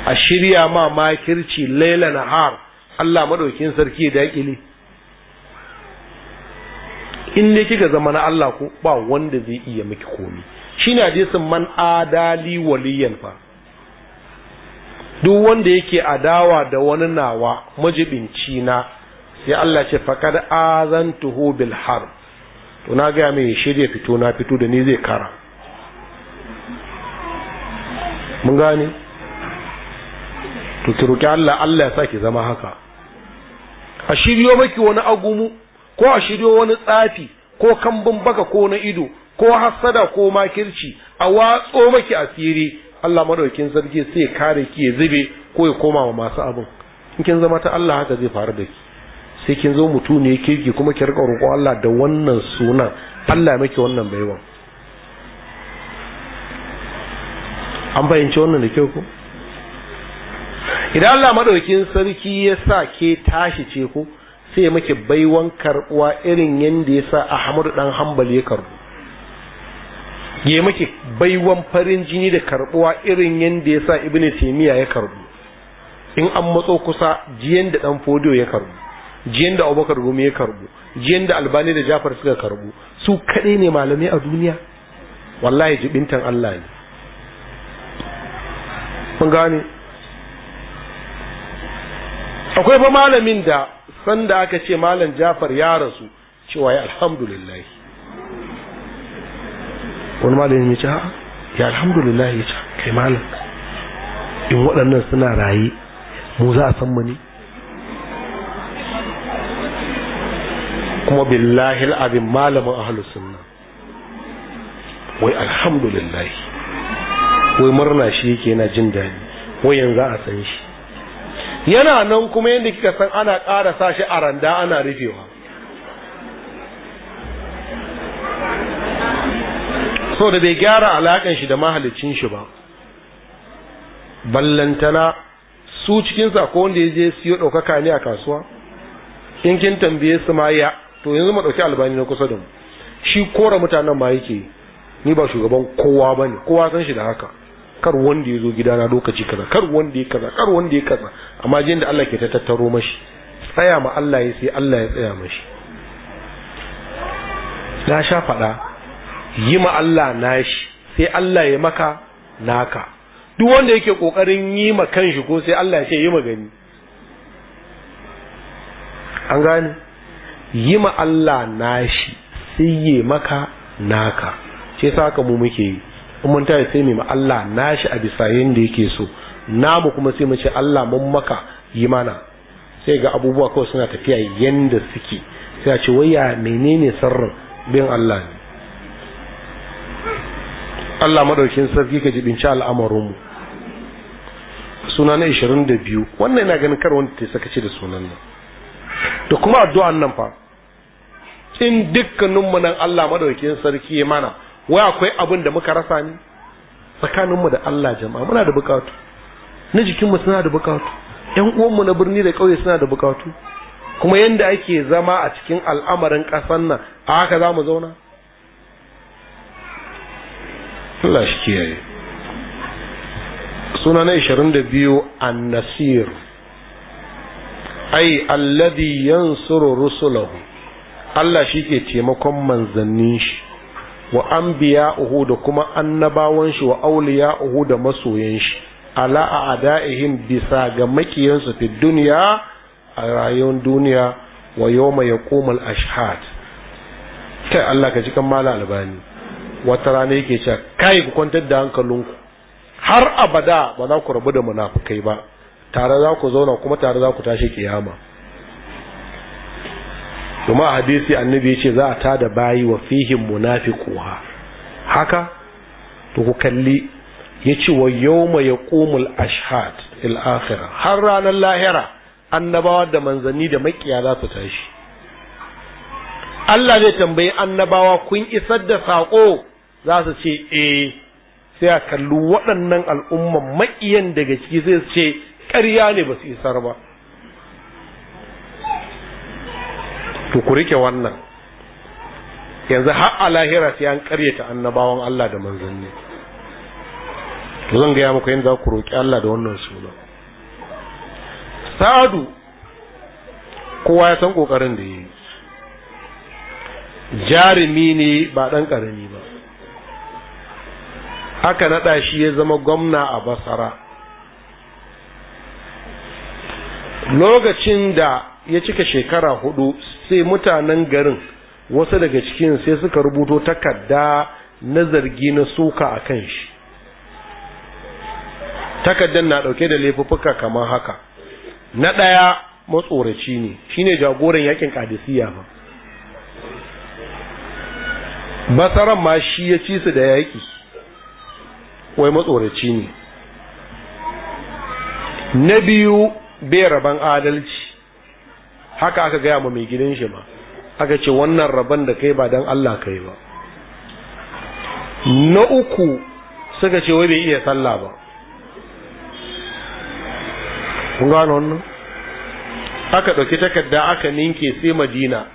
a shirya ma makirci laila Har, Allah maɗaukin sarki da ƙili in ne kika zama na Allah ko ba wanda zai iya miki komi je sun man adali waliyan fa duk wanda yake adawa da wani nawa majibinci na sai Allah ce faqad azantuhu bil harb to na ga mai shirye fito na fito da ni zai kara mun gane to ki Allah Allah ya saki zama haka a shiryo maki wani agumu ko a shiryo wani tsafi ko kambun baka ko na ido ko hassada ko makirci a watso maki asiri Allah madaukin sarki sai ya kare ki ya zube ko ya koma wa masu abin in kin zama ta Allah haka zai faru da ki sai kin zo mutu ne kirki kuma ki rika roƙo Allah da wannan sunan Allah ya miki wannan baiwa an fahimci wannan da kyau ko idan Allah madaukin sarki ya sa ke tashi ce ko sai ya miki baiwan karbuwa irin yanda ya sa Ahmadu dan Hanbal ya karbu ya miki baiwan farin jini da karbuwa irin yanda ya sa Ibn Taymiyyah ya karbu in an matso kusa jiyan da dan fodiyo ya karbu jiyan da abubakar gumi ya karbu jiyan da albani da jafar suka karbu su kaɗai ne malamai a duniya wallahi jibintan allah ne mun gane akwai fa malamin da sanda aka ce malam jafar ya rasu cewa ya alhamdulillah wani malamin ya ce ha ya alhamdulillah ya ce kai malam in waɗannan suna raye mu za a san mu ne kuma billahi abin malamin ahlu sunna wai alhamdulillah wai murna shi yake yana jin daɗi wai yanzu a san shi yana nan kuma yadda kika san ana ƙara sa shi a randa ana rufewa so da bai gyara alaƙan shi da mahalicin shi ba ballantana su cikinsa ko wanda ya je siyo ɗaukaka ne a kasuwa in kin tambaye su ma ya to yanzu ma dauki albani na kusa da mu shi kora mutanen ma yake ni ba shugaban kowa bane kowa san shi da haka kar wanda ya zo na lokaci kaza kar wanda ya kaza kar wanda ya kaza amma jin da Allah ke ta tattaro mashi tsaya ma Allah ya sai Allah ya tsaya mashi na sha faɗa yi ma Allah nashi sai Allah ya maka naka duk wanda yake kokarin yi ma kanshi ko sai Allah ya ce yi magani an gane yi ma Allah nashi sai yi maka naka ce sa mu muke yi in mun tayi sai mu ma Allah nashi a bisa yanda yake so namu kuma sai mu ce Allah mun maka yi mana sai ga abubuwa kawai suna tafiya yanda suke sai a ce waya menene sirrin bin Allah ne Allah madaukin sarki ka jibinci al'amarinmu suna na 22 wannan yana ganin kar wanda ta sakaci da sunan nan da kuma addu'an nan fa in dukkaninmu nan Allah madaukin sarki ya mana wai akwai abin da muka rasa ne tsakaninmu da Allah jama'a muna da bukatu na jikinmu suna da bukatu ƴan uwanmu na birni da ƙauye suna da bukatu kuma yanda ake zama a cikin al'amarin ƙasar nan a haka za mu zauna Allah shi kiyaye suna na 22 an-nasir ay alladhi yansuru rusulahu Allah shi ke taimakon manzannin shi wa an biya uhu da kuma annabawan shi wa auliya uhu da masoyan shi ala a ada'ihim bisa ga makiyansu fi duniya a rayuwar duniya wa ya koma ashhad kai Allah ka ji kan mala albani wata rana yake cewa kai ku kwantar da hankalinku har abada ba za ku rabu da munafukai ba tare za ku zauna kuma tare za ku tashi kiyama kuma hadisi annabi ya ce za a tada bayi wa fihim munafiquha haka to ku kalli ya wa yawma yaqumul ashhad il akhirah har ranar lahira annabawa da manzani da makiya za su tashi Allah zai tambayi annabawa kun isar da sako za su ce eh sai a kalli waɗannan al'umman maƙiyan daga ciki zai ce ƙarya ne ba su isar ba to ku rike wannan yanzu har a lahira sai an karyata annabawan Allah da manzanni to zan gaya muku yadda ku roƙi Allah da wannan suna sa'adu kowa ya san ƙoƙarin da ya yi jarumi ne ba ɗan karami ba aka naɗa shi ya zama gwamna a basara lokacin da ya cika shekara hudu sai mutanen garin wasu daga cikin sai suka rubuto takarda na zargi na suka a kan shi takardar na ɗauke da laifuka kamar haka na ɗaya matsoraci ne shine jagoran yakin kadisiya ba basaran ma shi ya ci su da yaƙi wai matsoraci ne na biyu bai rabon adalci haka aka gaya ma mai gidan shi ma aka ce wannan rabon da kai ba don Allah kai ba na uku suka ce wai bai iya sallah ba kun gano wannan aka ɗauki takarda aka ninke sai madina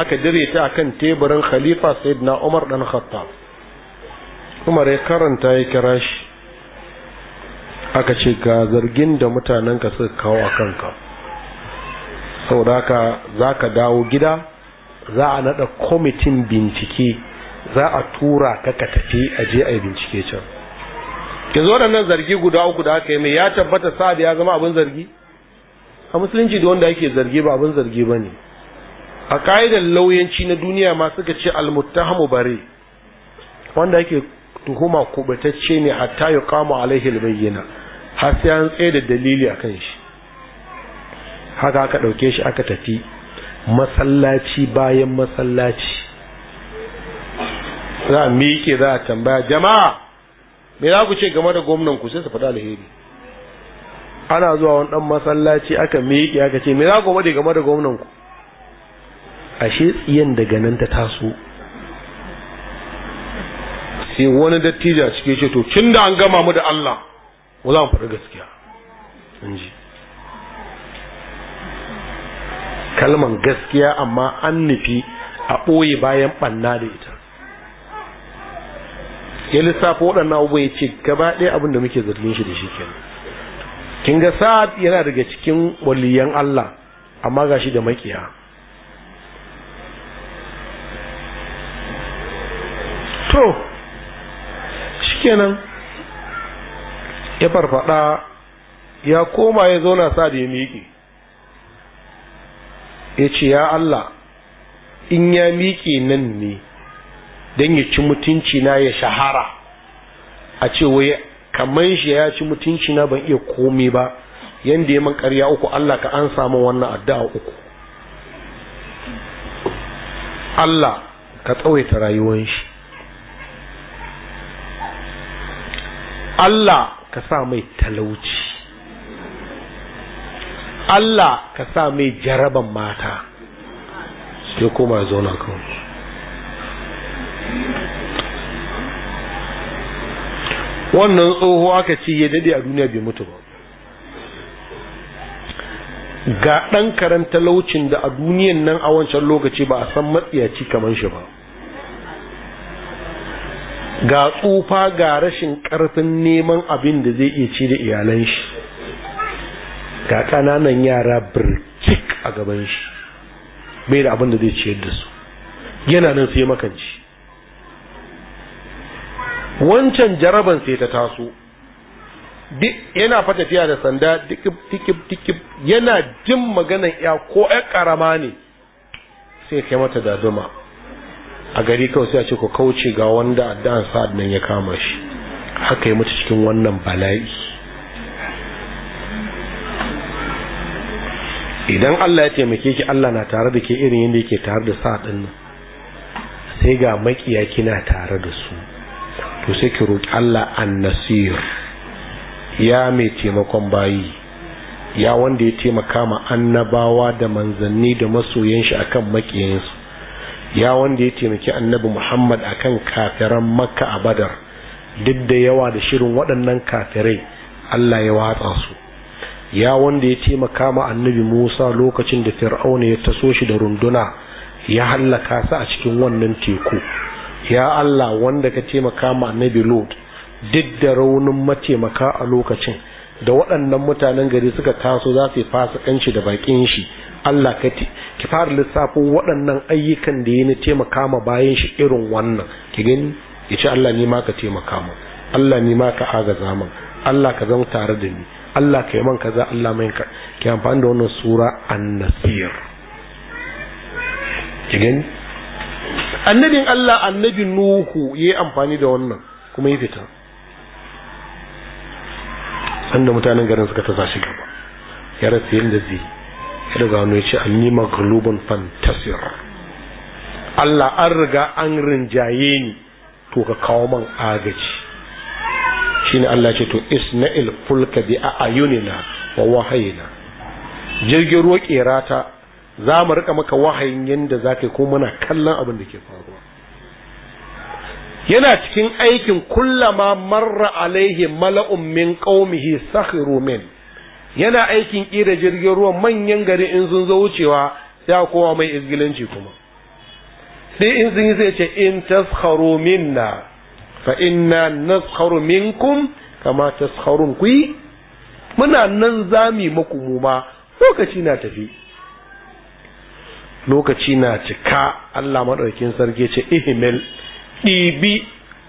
aka dire ta kan teburin khalifa na umar ɗan khattab umar ya karanta ya kira shi aka ce ga zargin da mutanenka suka kawo a kanka saboda haka za ka dawo gida za a naɗa kwamitin bincike za a tura ka ka tafi a je a yi bincike can zo da nan zargi guda uku da aka yi mai ya tabbata sa'ad ya zama abin zargi a musulunci da wanda ake zargi ba abin zargi ba ne a ka'idar lauyanci na duniya ma suka ce almuttahamu bare wanda ake tuhuma kubatacce ne hatta ya kama alaihi albayyana har sai an tsaye da dalili a kan shi haka aka ɗauke shi aka tafi masallaci bayan masallaci za a miƙe za a tambaya jama'a me za ku ce game da gwamnan ku sai su faɗa alheri ana zuwa wani ɗan masallaci aka miƙe aka ce me za ku faɗi game da gwamnan ku ashe tsiyan daga nan ta taso sai wani dattijo a cike ce to tun da an gama mu da Allah mu za mu faɗi gaskiya in ji kalman gaskiya amma an nufi a ɓoye bayan ɓanna da ita ya lissafa waɗannan abubuwa ya ce gaba ɗaya abin da muke zargin shi da shi kenan kin ga sa'ad yana daga cikin waliyan Allah amma shi da makiya to shikenan ya farfada ya koma ya zauna sa'ad ya miƙe ya ce ya Allah in ya miƙe nan ne don ya ci mutunci na ya shahara a ce wai kamar shi ya ci mutunci na ban iya komai ba yadda ya man karya uku Allah ka an samu wannan addu'a uku Allah ka tsawaita rayuwan shi Allah ka sa mai talauci Allah ka sa mai jaraban mata ke koma zauna kawai wannan tsoho aka ce ya dade a duniya bai mutu ba ga ɗan karen talaucin da a duniyan nan a wancan lokaci ba a san matsiyaci kamar shi ba ga tsufa ga rashin ƙarfin neman abin da zai iya ci da iyalan shi ga ƙananan yara birkik a gaban shi bai da abin da zai ciyar da su yana nan sai makanci wancan jaraban sai ta taso yana fata fiya da sanda dikip dikip dikip yana jin maganan ya ko ya karama ne sai kai mata zuma a gari kawai sai a ce ku kauce ga wanda addan sa'ad nan ya kama shi haka ya mutu cikin wannan bala'i idan Allah ya taimake ki Allah na tare da ke irin yadda yake tare da sa nan sai ga makiya kina tare da su to sai ki roki Allah an-nasir ya mai taimakon bayi ya wanda ya taimaka ma annabawa da manzanni da masoyan shi akan makiyansu ya wanda ya taimaki annabi Muhammad akan kafiran Makka a Badar duk da yawa da shirin waɗannan kafirai Allah ya watsa su ya wanda ya taimaka ma annabi Musa lokacin da Fir'auna ya taso shi da runduna ya hallaka su a cikin wannan teku ya Allah wanda ka taimaka ma annabi Lot duk da raunin mataimaka a lokacin da waɗannan mutanen gari suka taso za su yi fasikanci da baƙin shi Allah ka ki fara lissafin waɗannan ayyukan da ya ni taimaka ma bayan shi irin wannan ki gani ya ce Allah ni ma ka taimaka min Allah ni ma ka agaza min Allah ka zama tare da ni Allah ka yi man kaza Allah mai ka ke amfani da wannan sura annasir ki gani annabin Allah annabi Nuhu ya yi amfani da wannan kuma ya fita da mutanen garin suka ta shi gaba ya rasa da zai ya daga wani ya ce yi maglubin fantasir Allah an riga an rinjaye ni to ka kawo man agaji shine Allah ce to isna'il fulka bi a'yunina wa wahayina jirgin ruwa kerata za mu rika maka wahayin yanda zaka ko muna kallon abin da ke faruwa yana cikin aikin kullama marra alaihi mala'un min qaumihi sakhiru min yana aikin kira jirgin ruwa manyan gari in sun zo wucewa sai kowa mai izgilanci kuma sai in sun yi sai ce in tasharu minna fa inna naskharu minkum kama taskharun ku muna nan zami muku mu ma lokaci na tafi lokaci na cika Allah maɗaukin sarki ce ihmil ɗibi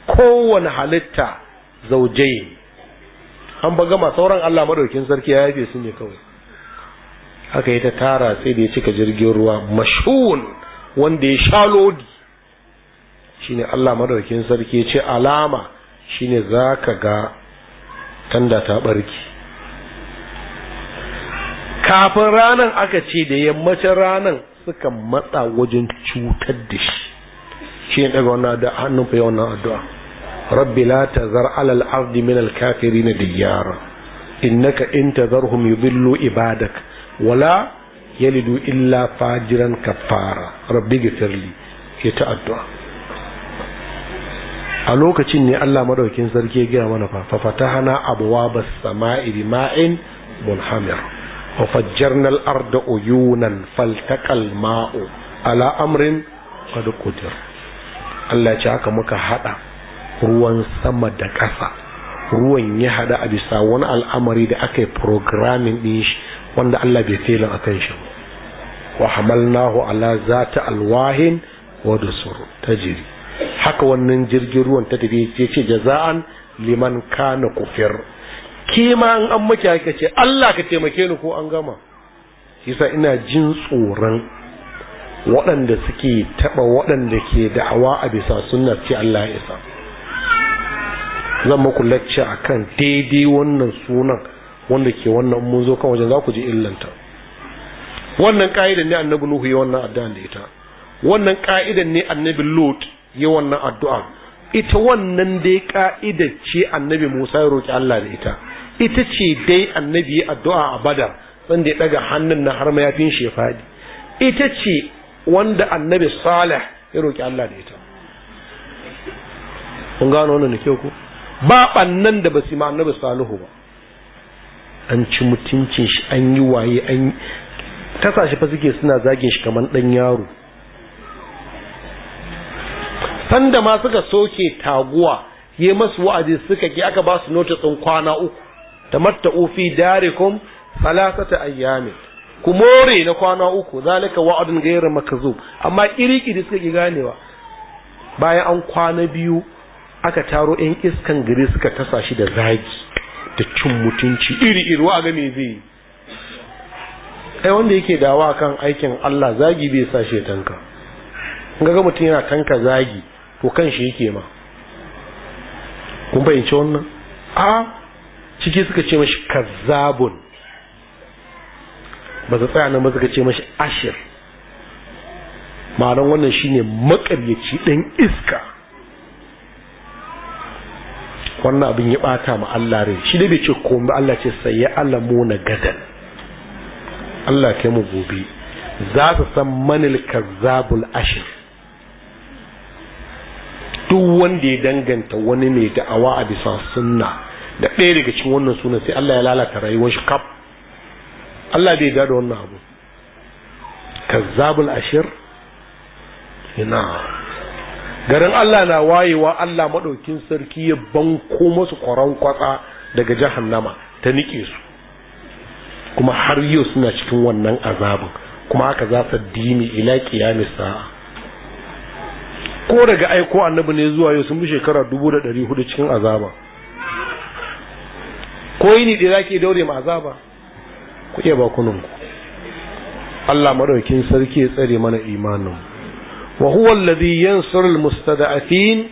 kowane halitta zaujai an ba gama sauran Allah maɗaukin sarki ya yafe su ne kawai haka yi ta tara sai da ya cika jirgin ruwa mashun wanda ya sha lodi shine Allah madaukin sarki ce alama shine zaka ga tanda ta barki kafin ranan aka ce da yammacin ranan suka matsa wajen cutar da shi shi ne daga wannan da hannun fa wannan addu'a rabbi la tazar alal ardi min al kafirin diyara innaka in tazarhum yudillu ibadak wala yalidu illa fajiran kafara rabbi gfirli ya ta addu'a a lokacin ne Allah madaukin sarki ya gaya mana fa fatahana abwaba samai bima'in munhamir wa fajjarna al-arda uyunan faltaqal ma'u ala amrin qad qudir Allah ce haka muka hada ruwan sama da ƙasa ruwan ya hada a bisa wani al'amari da aka yi programming din shi wanda Allah bai filin a kan shi wa hamalnahu ala zata alwahin wa dusur tajiri haka wannan jirgin ruwan ta tafi ce ce jaza'an liman kana kufir kima an an maki haka ce Allah ka taimake ni ko an gama yasa ina jin tsoron waɗanda suke taɓa waɗanda ke da'awa a bisa sunna ce Allah ya isa zan muku lacce akan daidai wannan sunan wanda ke wannan mun zo kan wajen za ku ji illanta wannan ka'idan ne annabi nuhu ya wannan addan da ita wannan ka'idan ne annabi lot yi wannan addu'a ita wannan dai ka'ida ce annabi Musa ya roƙi Allah da ita ita ce dai annabi addu'a a bada sanda ya daga hannun na har mayafin shi ya ita ce wanda annabi Salih ya roƙi Allah da ita kun gano wannan ke ku ba ɓannan da su ma annabi Salihu ba an ci mutuncin shi an yi waye an kasashe shi fa suke suna zagin shi kamar dan yaro sanda ma suka soke taguwa yi masu wa'azi suka ki aka ba su notisin kwana uku tamatta'u fi darikum salasata ayyamin ku more na kwana uku zalika wa'adun gairu makazub amma kirikiri suka ki ganewa bayan an kwana biyu aka taro yan iskan gari suka tasa shi da zagi da cin mutunci iri iri wa ga me zai kai wanda yake dawa kan aikin Allah zagi bai sa tanka ga mutum yana tanka zagi to kan shi yake ma kun fahimci wannan a ciki suka ce mashi kazzabun ba su tsaya nan ba suka ce mashi ashir ma'anar wannan shine makaryaci ɗan iska wannan abin ya bata ma Allah rai shi dai bai ce komai Allah ce sai ya alamu na gadan Allah kai mu gobe za su san manil kazzabul ashir duk wanda ya danganta wani mai da'awa a bisa sunna da ɗaya daga cikin wannan suna sai Allah ya lalata rayuwar shi kaf Allah bai da wannan abu kazzabul ashir ina garin Allah na wayewa Allah madaukin sarki ya banko masu kwaran kwatsa daga jahannama ta nike su kuma har yau suna cikin wannan azabin kuma haka za su dimi ila kiyamis sa'a ko daga aiko annabi ne zuwa yau sun bi shekara dubu da ɗari hudu cikin azaba ko yi ni da ke daure ma azaba ku iya ba kunun ku Allah maɗaukin sarki ya tsare mana imanin wa huwa alladhi yansuru almustada'afin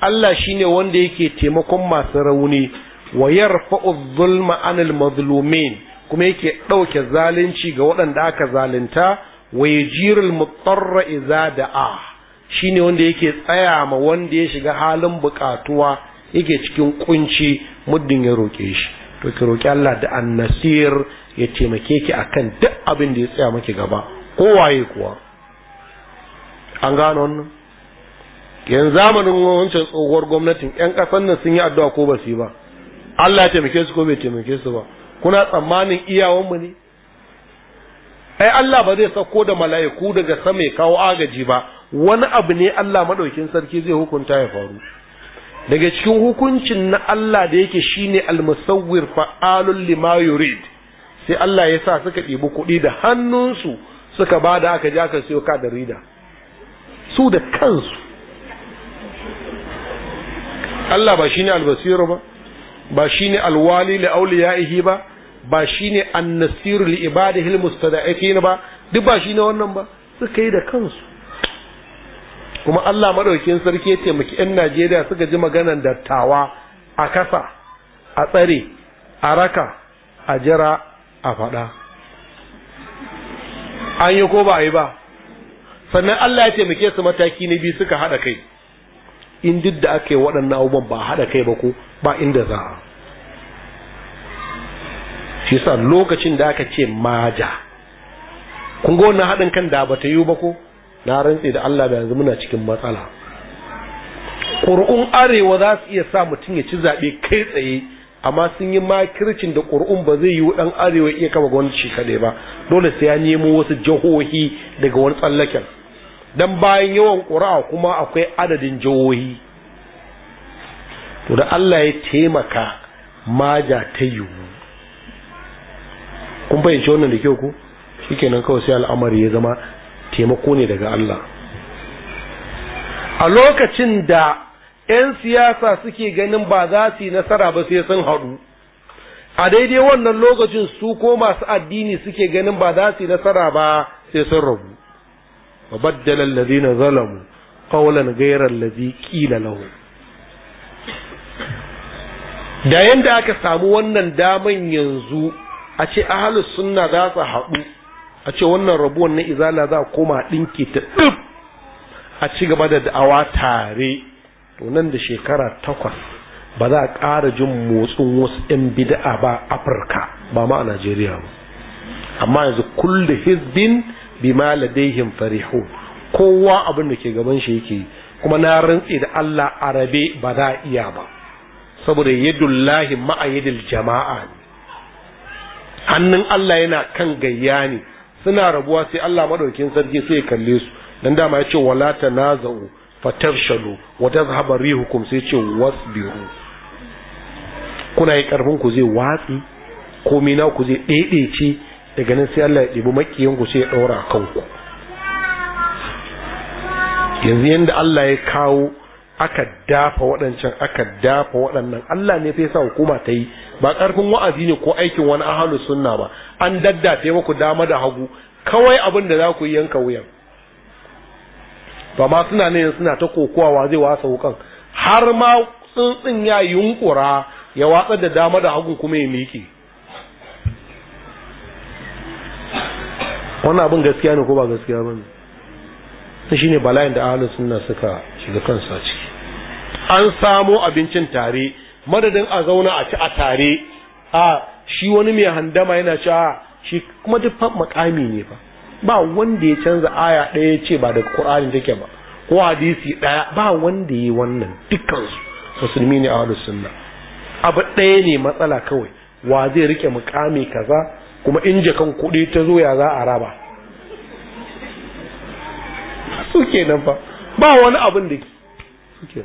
Allah shine wanda yake taimakon masu rauni wa yarfa'u adh-dhulma al mazlumin kuma yake ɗauke zalunci ga waɗanda aka zalunta wa yajirul mutarra idza da'a Shi ne wanda yake tsaya ma wanda ya shiga halin bukatuwa yake cikin kunci muddin ya roƙe shi to ki roƙi Allah da annasir ya taimake ki akan duk abin da ya tsaya maki gaba Ko waye kuwa an gano wannan yanzu zamanin wancan tsohuwar gwamnatin yan kasan nan sun yi addu'a ko ba su yi ba Allah ya taimake su ko bai taimake su ba kuna tsammanin mu ne ai Allah ba zai sauko da mala'iku daga sama ya kawo agaji ba wani abu ne Allah maɗaukin sarki zai hukunta ya faru daga cikin hukuncin na Allah da yake shine al-musawwir fa'alul lima yurid sai Allah ya sa suka ɗibi kuɗi da hannunsu suka ba da aka ji aka siyo ka da rida su da kansu Allah ba shine al albasiru ba ba shine al-wali li awliyaihi ba ba shine an-nasiru li ibadihi al-mustada'ifin ba duk ba shine wannan ba suka yi da kansu kuma Allah madaukin sarki ya taimaki yan Najeriya suka ji maganan dattawa a kasa a tsare a raka a jira a faɗa an yi ko ba a yi ba sannan Allah ya taimake su mataki na biyu suka haɗa kai in duk da aka yi waɗannan abubuwan ba haɗa kai ba ko ba inda za a shi sa lokacin da aka ce maja kun ga wannan haɗin kan da bata yiwu ba ko na rantse da Allah da yanzu muna cikin matsala ƙuri'un arewa za su iya sa mutum ya ci zaɓe kai tsaye amma sun yi makircin da ƙuri'un ba zai yi ɗan arewa iya kama gwamnati kaɗai ba dole sai ya nemo wasu jihohi daga wani tsallaken dan bayan yawan ƙuri'a kuma akwai adadin jihohi to da Allah ya taimaka maja ta yiwu kun fahimci wannan da kyau ku shikenan kawai sai al'amari ya zama taimako ne daga Allah a lokacin da 'yan siyasa suke ganin ba za su yi nasara ba sai sun haɗu a daidai wannan lokacin su ko masu addini suke ganin ba za su yi nasara ba sai sun rabu wa baddala na zalamu ƙaunar Gairar allazi qila lahu da yanda aka samu wannan daman yanzu a ce ahalus suna za su haɗu a ce wannan rabuwan na izala za a koma ɗinki ta ɗin a ci gaba da da'awa tare to nan da shekara takwas ba za a ƙara jin motsin wasu 'yan bida'a ba afirka ba ma a najeriya ba amma yanzu kullu hizbin ma ladaihim farihu kowa abin da ke gaban shi yake kuma na rantse da Allah arabe ba za a iya ba saboda yadullahi ma'ayyadil jama'a hannun Allah yana kan gayya ne suna rabuwa sai Allah madaukin sarki sai ya kalle su dan dama ya ce wala tanaza'u fatarshalu wa tazhaba rihukum sai yace wasbiru kuna yi karfin ku zai watsi komai na ku zai daidaice daga nan sai Allah ya ɗebi makiyan ku sai ya daura kanku yanzu yanda Allah ya kawo aka dafa waɗancan aka dafa waɗannan Allah ne sai sa hukuma ta yi ba ƙarfin wa'azi ne ko aikin wani ahalus sunna ba an daddafe muku dama da hagu kawai abin da za ku yi yanka wuyan ba ma suna ne suna ta kokowa wa zai wasa wukan har ma tsuntsun ya yunkura ya watsa da dama da hagu kuma ya miƙe wannan abin gaskiya ne ko ba gaskiya ba ne su shine bala'in da ahalin sunna suka shiga kansu a ciki an samo abincin tare madadin a zauna a ci a tare a shi wani mai handama yana ci a shi kuma duk makami ne fa ba wanda ya canza aya ɗaya ce ba da Qur'ani take ba ko hadisi ɗaya ba wanda ya wannan dukkansu musulmi ne a wani sunna abu ɗaya ne matsala kawai wa zai rike mukami kaza kuma in jakan kuɗi ta zo ya za a raba su nan fa ba wani abin da su nan.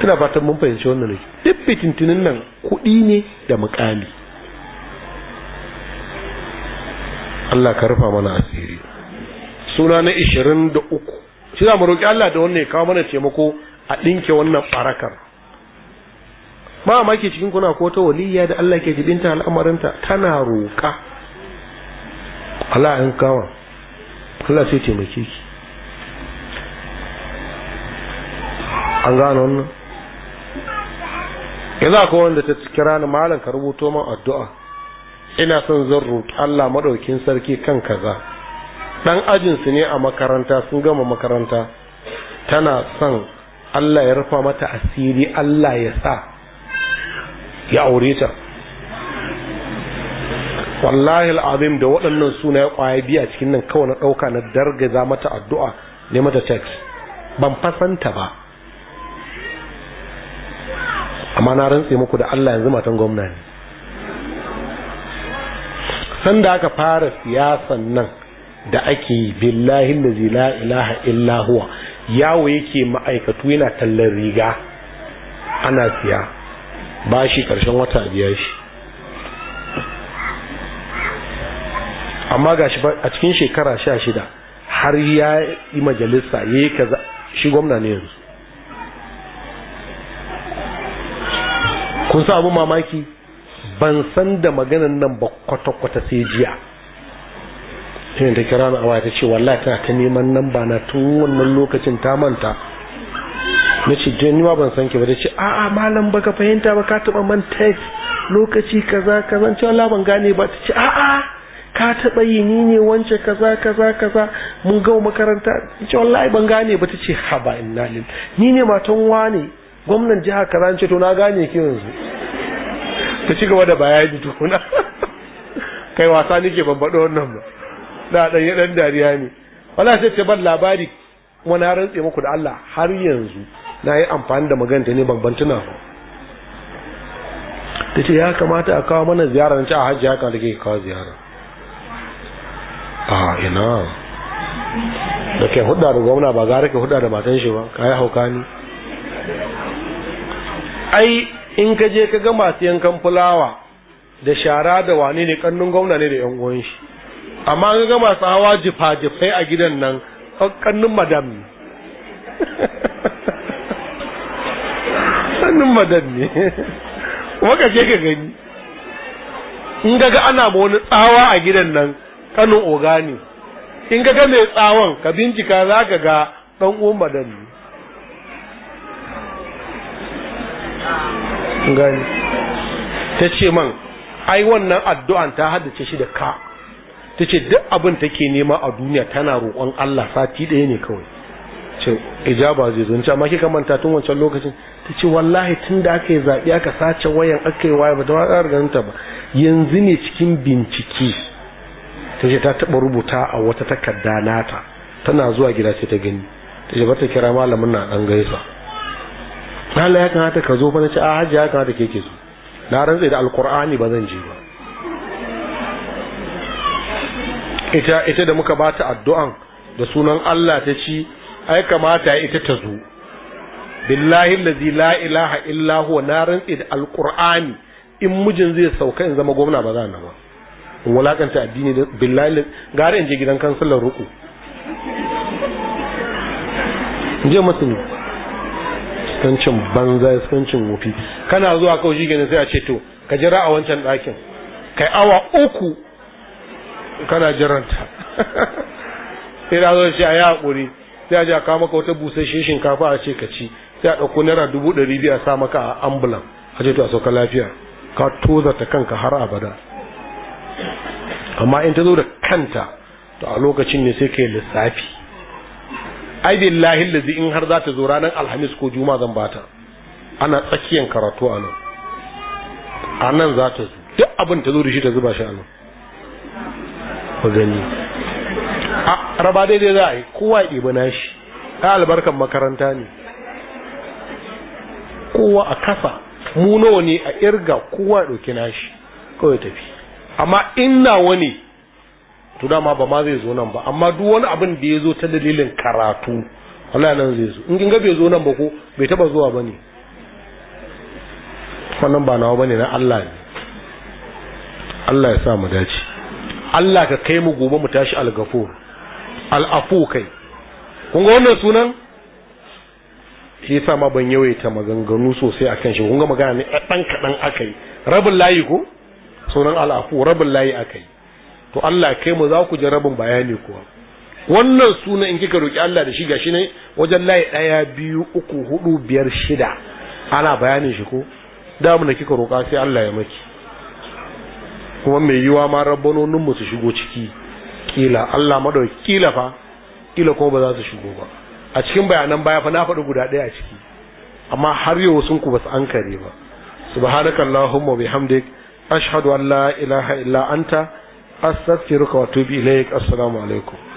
tana fatan mun fahimci wannan ne duk fitintunin nan kuɗi ne da mukami Allah ka rufa mana asiri suna na ishirin da uku shi za mu roƙi Allah da wannan ya kawo mana taimako a ɗinke wannan ɓarakar ba ma ke cikin kuna ko ta waliyya da Allah ke jibinta al'amarinta tana roƙa Allah ya kawo Allah sai taimake ki an gano wannan yanzu akwai wanda ta kira ni malam ka rubuto min addu'a ina son zan roƙi Allah madaukin sarki kan kaza dan ajin su ne a makaranta sun gama makaranta tana son Allah ya rufa mata asiri Allah ya sa ya aure ta wallahi al'azim da waɗannan ya ƙwaya biyu a cikin nan kawai na ɗauka na dargaza mata addu'a ne mata text ban fasanta ba amma na rantse muku da Allah yanzu matan gwamna ne da aka fara siyasan nan da ake yi billahi lazi la ilaha illa huwa yawo yake ma'aikatu yana tallan riga ana siya bashi shi karshen wata biya shi amma ga shi a cikin shekara sha shida har ya yi majalisa ya yi kaza shi gwamna ne yanzu kun sa abu mamaki ban san da maganan nan ba kwata-kwata sai jiya sai da kira na a ta ce wallahi tana ta neman nan ba na tun wannan lokacin ta manta na ce don ni ma ban san ki ba ta ce a'a malam baka fahimta ba ka taba man text lokaci kaza kaza ce wallahi ban gane ba ta ce a'a ka taɓa yi ni ne wance kaza kaza kaza mun gawo makaranta ce wallahi ban gane ba ta ce haba in nalil ni ne matan wane gwamnan jiha kaza ce to na gane ki yanzu ta ci gaba da bayani tukuna kai wasa nake ban faɗo wannan ba da ɗan ya ɗan dariya ne wala sai ta ban labari kuma na rantse muku da Allah har yanzu na yi amfani da maganta ne ban tuna ba ta ce ya kamata a kawo mana ziyara na ci a hajji haka da ke kawo ziyara a ina da ke hudda da gwamna ba gara ke hudda da matan shi ba ka yi hauka ne ai in ka je ka ga masu yankan fulawa da shara da wani ne kannun gwamna ne da yan uwan shi amma an ga masu hawa jifa-jifai a gidan nan kannun madam ne kannun madam ne kuma ka je ka gani in ga ana ma wani tsawa a gidan nan kanin ogani in ka ga mai tsawon ka bincika za ka ga ɗan uwan madan gani ta ce man ai wannan addu'an ta haddace shi da ka ta ce duk abin ta ke nema a duniya tana roƙon Allah sati ɗaya ne kawai ce ijaba zai zo amma kika manta tun wancan lokacin ta ce wallahi tun da aka yi zaɓi aka sace wayan aka yi waya ba ta ba yanzu ne cikin bincike ta ce ta taɓa rubuta a wata takarda nata tana zuwa gida sai ta gani ta ce bata kira malamin na ɗan gaisa hala ya kamata ka zo fa ce a hajji ya kamata ke ke zo na rantse da alkur'ani ba zan je ba ita ita da muka bata addu'an da sunan Allah ta ci ai kamata ita ta zo billahi allazi la ilaha illa huwa na rantse da alkur'ani in mijin zai sauka in zama gwamna ba za na ba in wulakanta addini da billahi gare in je gidan kansulan ruku je ne iskancin banza iskancin wufi kana zuwa kawai shi gani sai a ce to ka jira a wancan ɗakin kai awa uku kana jiranta sai da zo shi a yi haƙuri sai a ji a kawo maka wata shi shinkafa a ce ka ci sai a ɗauko naira dubu ɗari biyu a sa maka a ambulan a ce to a sauka lafiya ka ta kanka har abada amma in ta zo da kanta to a lokacin ne sai kai lissafi ai billahi lazi in har za ta zo ranar alhamis ko juma zan bata ana tsakiyan karatu a nan a nan za ta zo duk abin ta zo da shi ta zuba shi a nan ku gani a raba daidai za a yi kowa ibi na shi ta albarkan makaranta ne kowa a kasa mu nawa ne a irga kowa ɗauki nashi kawai tafi amma in nawa ne to dama ba ma zai zo nan ba amma duk wani abin da ya zo ta dalilin karatu wallahi nan zai zo in kin ga bai zo nan ba ko bai taba zuwa ba ne wannan ba nawa bane na Allah ne Allah ya sa mu dace Allah ka kai mu gobe mu tashi al-gafur al-afu kai kun ga wannan sunan shi yasa ma ban yawaita maganganu sosai akan shi kun ga magana ne dan kadan akai rabin layi ko sunan al'afu rabin layi aka yi to Allah kai mu za ku ji rabin bayani kuwa wannan suna in kika roki Allah da shi gashi ne wajen layi ɗaya biyu uku hudu biyar shida ana bayanin shi ko damu da kika roka sai Allah ya maki kuma mai yiwa ma rabbanonin mu su shigo ciki kila Allah madauki kila fa kila kuma ba za su shigo ba a cikin bayanan baya fa na faɗi guda ɗaya a ciki amma har yau sun ku ba su an kare ba subhanakallahumma bihamdika ashhadu an la ilaha illa anta astaghfiruka assalamu alaikum